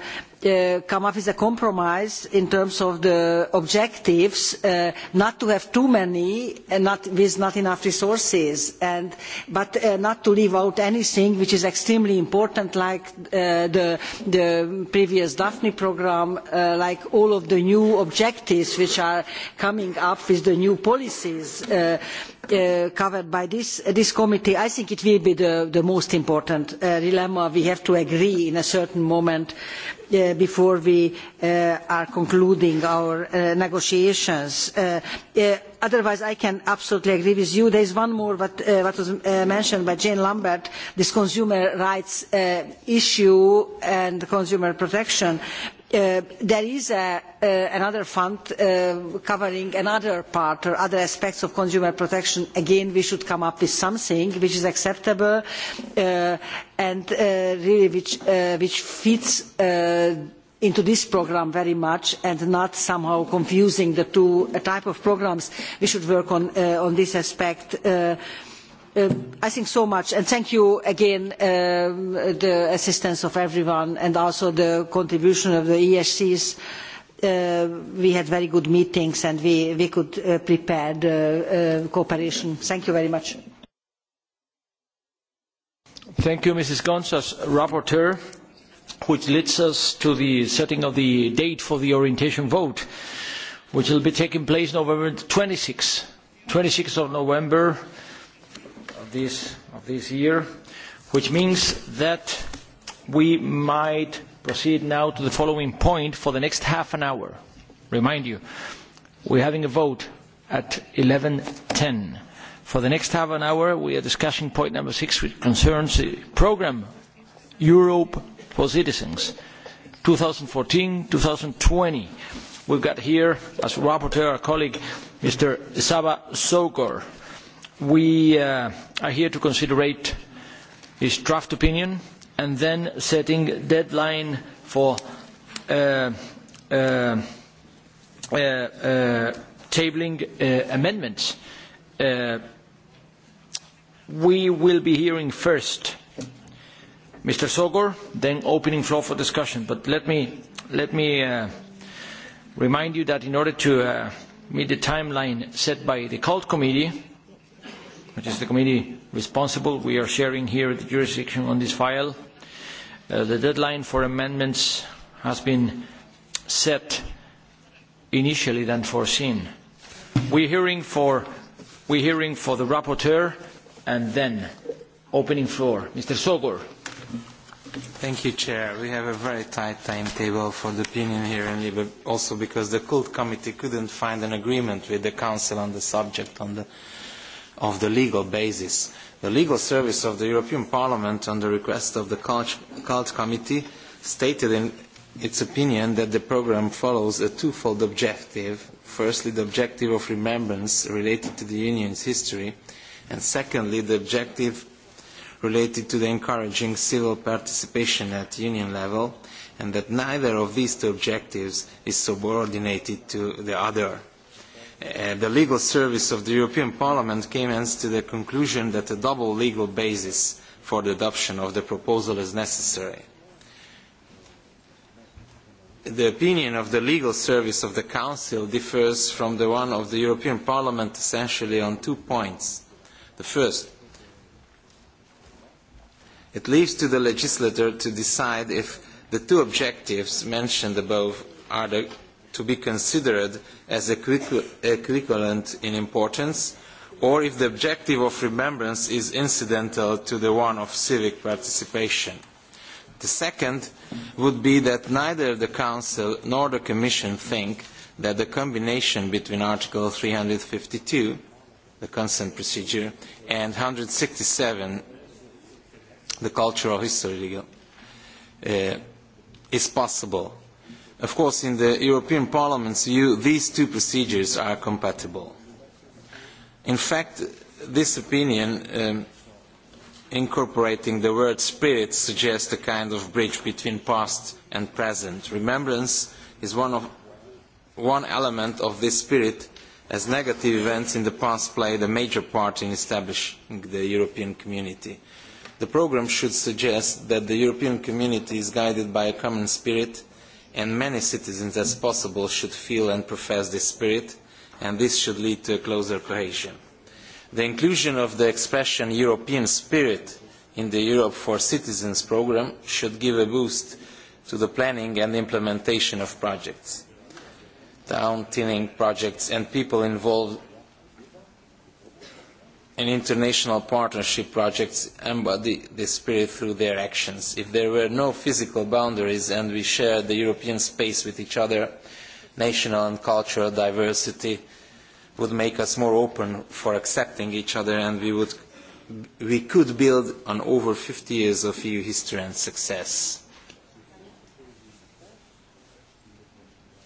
G: Uh, come up with a compromise in terms of the objectives, uh, not to have too many and uh, not, with not enough resources, and, but uh, not to leave out anything which is extremely important, like uh, the, the, previous Daphne programme, like all of the new objectives which are coming up with the new policies. Uh, covered by this, uh, this, committee, I think it will be the, the most important uh, dilemma we have to agree in a certain moment uh, before we uh, are concluding our uh, negotiations. Uh, uh, otherwise, I can absolutely agree with you. There is one more what, uh, what was uh, mentioned by Jane Lambert, this consumer rights uh, issue and consumer protection. Uh, there is a, uh, another fund uh, covering another part or other aspects of consumer protection. Again, we should come up with something which is acceptable uh, and uh, really which, uh, which fits into this programme very much and not somehow confusing the two types of programmes. We should work on, on this aspect Um, I think so much, and thank you again um, the assistance of everyone and also the contribution of the ESCs. Uh, we had very good meetings and we, we could uh, prepare the uh, cooperation. Thank you very much.
A: Thank you, Mrs. Gonsas, rapporteur, which leads us to the setting of the date for the orientation vote, which will be taking place November 26, 26th of November of this, of this year, which means that we might proceed now to the following point for the next half an hour. Remind you, we're having a vote at 11.10. For the next half an hour, we are discussing point number six, which concerns the program Europe for Citizens, 2014-2020. We've got here, as rapporteur, our colleague, Mr. Saba Sokor we uh, are here to consider his draft opinion and then setting deadline for uh, uh, uh, uh tabling uh, amendments. we will be hearing first Mr. Sogor, then opening floor for discussion. But let me, let me remind you that in order to meet the timeline set by the cult committee, which is the committee responsible. We are sharing here the jurisdiction on this file. Uh, the deadline for amendments has been set initially than foreseen. We're hearing for, we're hearing for the rapporteur and then opening floor. Mr. Sogor.
S: Thank you, Chair. We have a very tight timetable for the opinion here in Libe, also because the Cult Committee couldn't find an agreement with the Council on the subject on the of the legal basis. The legal service of the European Parliament, on the request of the Cult, Cult Committee, stated in its opinion that the programme follows a twofold objective. Firstly, the objective of remembrance related to the Union's history, and secondly, the objective related to the encouraging civil participation at Union level, and that neither of these two objectives is subordinated to the other. Uh, the legal service of the European Parliament came hence to the conclusion that a double legal basis for the adoption of the proposal is necessary. The opinion of the legal service of the Council differs from the one of the European Parliament essentially on two points. The first, it leaves to the legislator to decide if the two objectives mentioned above are the to be considered as equivalent in importance, or if the objective of remembrance is incidental to the one of civic participation. The second would be that neither the Council nor the Commission think that the combination between Article three hundred and fifty two, the consent procedure, and one hundred and sixty seven, the cultural history, uh, is possible Of course, in the European Parliament's view, these two procedures are compatible. In fact, this opinion, um, incorporating the word spirit, suggests a kind of bridge between past and present. Remembrance is one, of, one element of this spirit, as negative events in the past played a major part in establishing the European community. The programme should suggest that the European community is guided by a common spirit and many citizens as possible should feel and profess this spirit, and this should lead to a closer cohesion. The inclusion of the expression European spirit in the Europe for Citizens programme should give a boost to the planning and implementation of projects. Town tinning projects and people involved and international partnership projects embody this spirit through their actions. If there were no physical boundaries and we shared the European space with each other, national and cultural diversity would make us more open for accepting each other and we, would, we could build on over 50 years of EU history and success.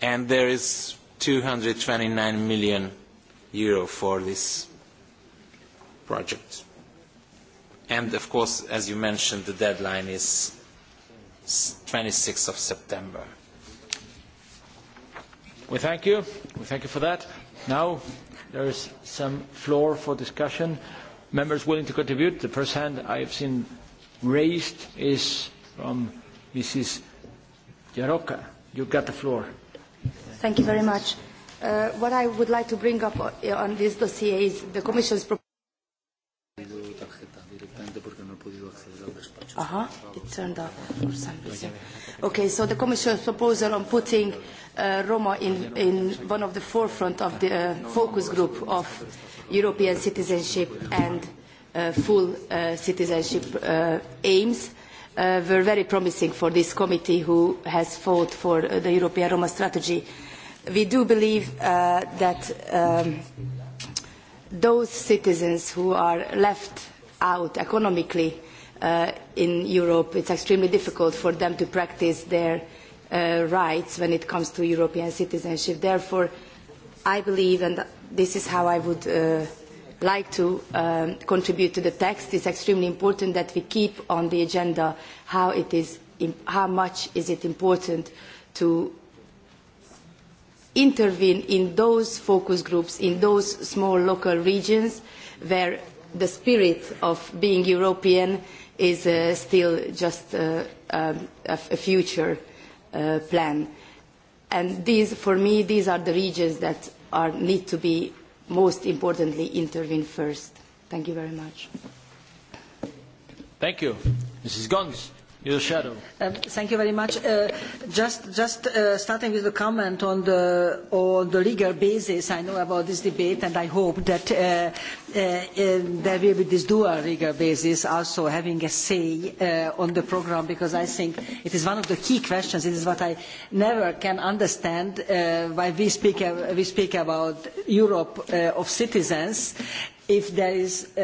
S: And there is 229 million euro for this project. And of course, as you mentioned, the deadline is 26th of September.
A: We thank you. We thank you for that. Now there is some floor for discussion. Members willing to contribute. The first hand I have seen raised is from Mrs. Jaroka. You got the floor.
T: Thank you very much. Uh, what I would like to bring up uh, on this dossier is the Commission's proposal. Uh-huh, it turned out for some reason. Okay, so the Commission's proposal on putting uh, Roma in, in one of the forefront of the uh, focus group of European citizenship and uh, full uh, citizenship uh, aims uh, were very promising for this committee who has fought for uh, the European Roma strategy. We do believe uh, that um, those citizens who are left out economically uh, in Europe, it's extremely difficult for them to practice their uh, rights when it comes to European citizenship. Therefore, I believe, and this is how I would uh, like to um, contribute to the text, it's extremely important that we keep on the agenda how, it is, how much is it important to intervene in those focus groups, in those small local regions where the spirit of being European is uh, still just uh, um, a, a future uh, plan. And these, for me, these are the regions that are, need to be most importantly intervened first. Thank you very much.
A: Thank you. Mrs. Gons. Your shadow.
G: Um, thank you very much. Uh, just just uh, starting with a comment on the, on the legal basis, I know about this debate and I hope that uh, uh, uh, there will be this dual legal basis also having a say uh, on the program because I think it is one of the key questions. It is what I never can understand uh, why we speak, uh, we speak about Europe uh, of citizens if there is, uh,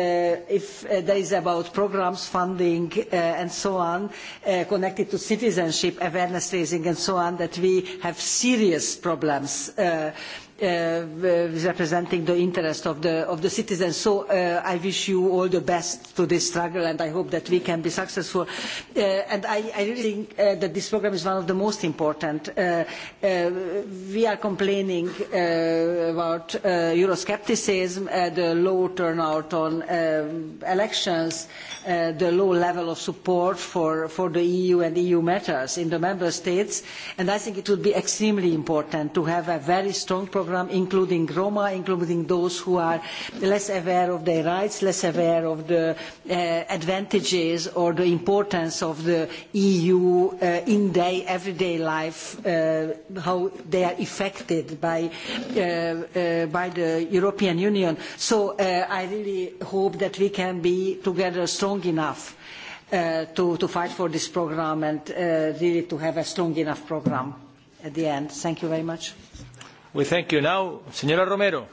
G: if, uh, there is about programs, funding, uh, and so on, uh, connected to citizenship, awareness raising, and so on, that we have serious problems. Uh, uh, representing the interest of the, of the citizens. So uh, I wish you all the best to this struggle and I hope that we can be successful. Uh, and I, I really think uh, that this program is one of the most important. Uh, uh, we are complaining uh, about uh, Euroscepticism, uh, the low turnout on um, elections, uh, the low level of support for, for the EU and EU matters in the member states. And I think it would be extremely important to have a very strong program program, including Roma, including those who are less aware of their rights, less aware of the uh, advantages or the importance of the EU uh, in their everyday life, uh, how they are affected by, uh, uh, by the European Union. So uh, I really hope that we can be together strong enough uh, to, to fight for this program and uh, really to have a strong enough program at the end. Thank you very much.
A: We thank you now. Señora Romero.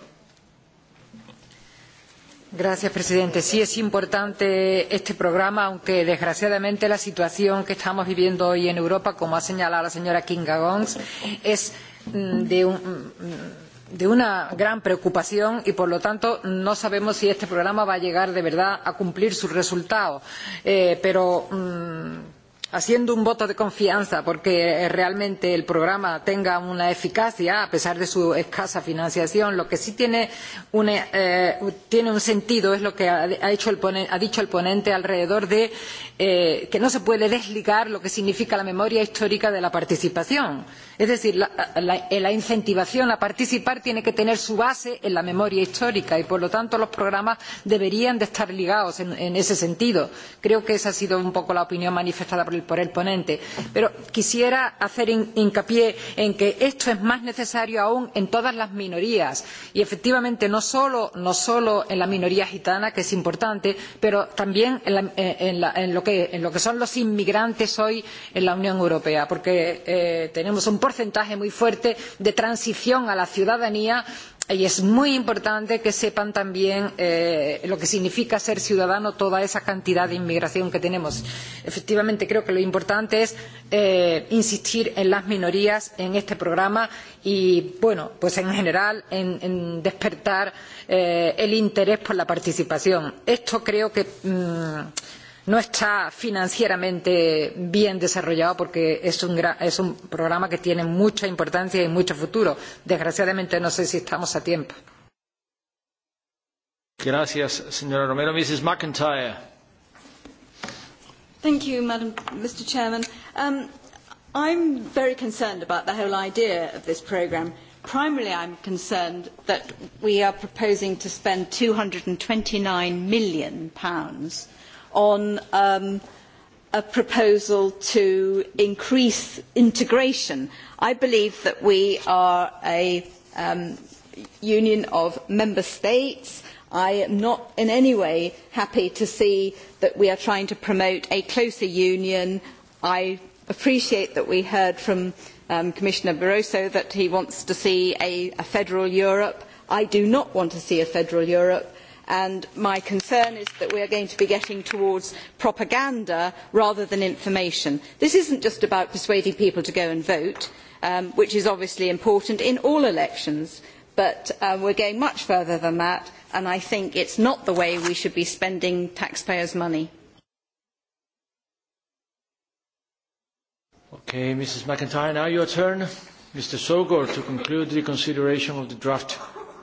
I: Gracias, presidente. Sí, es importante este programa, aunque desgraciadamente la situación que estamos viviendo hoy en Europa, como ha señalado la señora Kinga Gons, es mm, de, un, mm, de una gran preocupación y, por lo tanto, no sabemos si este programa va a llegar de verdad a cumplir sus resultados. Eh, pero. Mm, haciendo un voto de confianza porque eh, realmente el programa tenga una eficacia a pesar de su escasa financiación. Lo que sí tiene un, eh, eh tiene un sentido es lo que ha, hecho el ponen, ha dicho el ponente alrededor de eh, que no se puede desligar lo que significa la memoria histórica de la participación. Es decir, la, la, eh, la incentivación a participar tiene que tener su base en la memoria histórica y por lo tanto los programas deberían de estar ligados en, en ese sentido. Creo que esa ha sido un poco la opinión manifestada por el por el ponente. Pero quisiera hacer hincapié en que esto es más necesario aún en todas las minorías y efectivamente no solo, no solo en la minoría gitana, que es importante, pero también en, la, eh, en, la, en, lo, que, en lo, que, son los inmigrantes hoy en la Unión Europea, porque eh, tenemos un porcentaje muy fuerte de transición a la ciudadanía Y es muy importante que sepan también eh, lo que significa ser ciudadano toda esa cantidad de inmigración que tenemos. Efectivamente, creo que lo importante es eh, insistir en las minorías en este programa y, bueno, pues en general en, en despertar eh, el interés por la participación. Esto creo que. Mmm, no está financieramente bien desarrollado porque es un, es un programa que tiene mucha importancia y mucho futuro. Desgraciadamente no sé si estamos a tiempo.
A: Gracias, señora Romero. Mrs. McIntyre.
U: Thank you, Madam, Mr. Chairman. Um, I'm very concerned about the whole idea of this programme. Primarily, I'm concerned that we are proposing to spend £229 million pounds on um, a proposal to increase integration. I believe that we are a um, union of member states. I am not in any way happy to see that we are trying to promote a closer union. I appreciate that we heard from um, Commissioner Barroso that he wants to see a, a federal Europe. I do not want to see a federal Europe and my concern is that we are going to be getting towards propaganda rather than information. This is not just about persuading people to go and vote, um, which is obviously important in all elections, but uh, um, we are going much further than that, and I think it is not the way we should be spending taxpayers' money.
A: Okay, Mrs. McIntyre, now your turn. Mr. Sogor, to conclude the consideration of the draft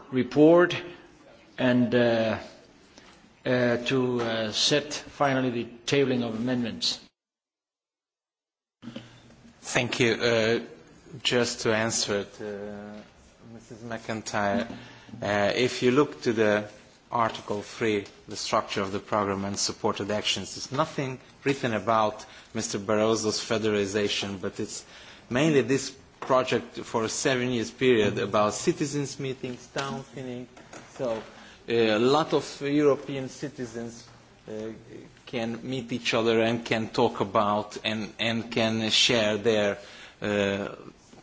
A: report and uh, uh, to uh, set finally the tabling of amendments.
S: Thank you. Uh, just to answer it, uh, Mrs. McIntyre, uh, if you look to the Article 3, the structure of the program and supported actions, there's nothing written about Mr. Barroso's federalization, but it's mainly this project for a seven years period about citizens meetings, town thinning. So a lot of European citizens uh, can meet each other and can talk about and, and can share their uh,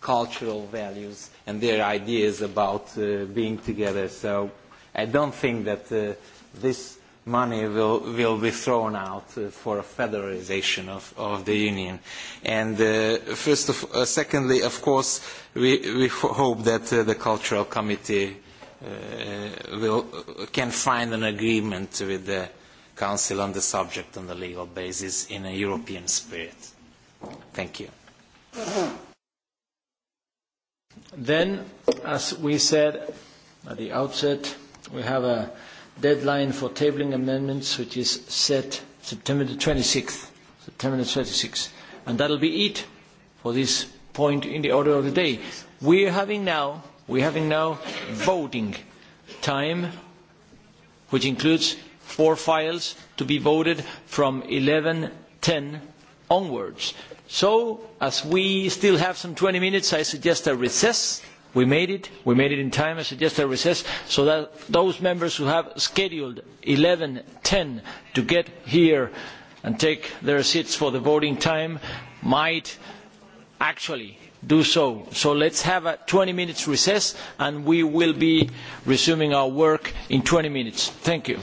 S: cultural values and their ideas about uh, being together. So I don't think that uh, this money will, will be thrown out uh, for a federalization of, of the union. And uh, first of, uh, secondly, of course, we, we hope that uh, the cultural committee uh will, can find an agreement with the Council on the subject on the legal basis in a European spirit. Thank you.
A: Then, as we said at the outset, we have a deadline for tabling amendments which is set September the 26th. September the 26th. And that'll be it for this point in the order of the day. We are having now We have now voting time, which includes four files to be voted from 11.10 onwards. So, as we still have some 20 minutes, I suggest a recess. We made it. We made it in time. I suggest a recess so that those members who have scheduled 11.10 to get here and take their seats for the voting time might actually do so. So let's have a twenty minutes recess and we will be resuming our work in twenty minutes. Thank you.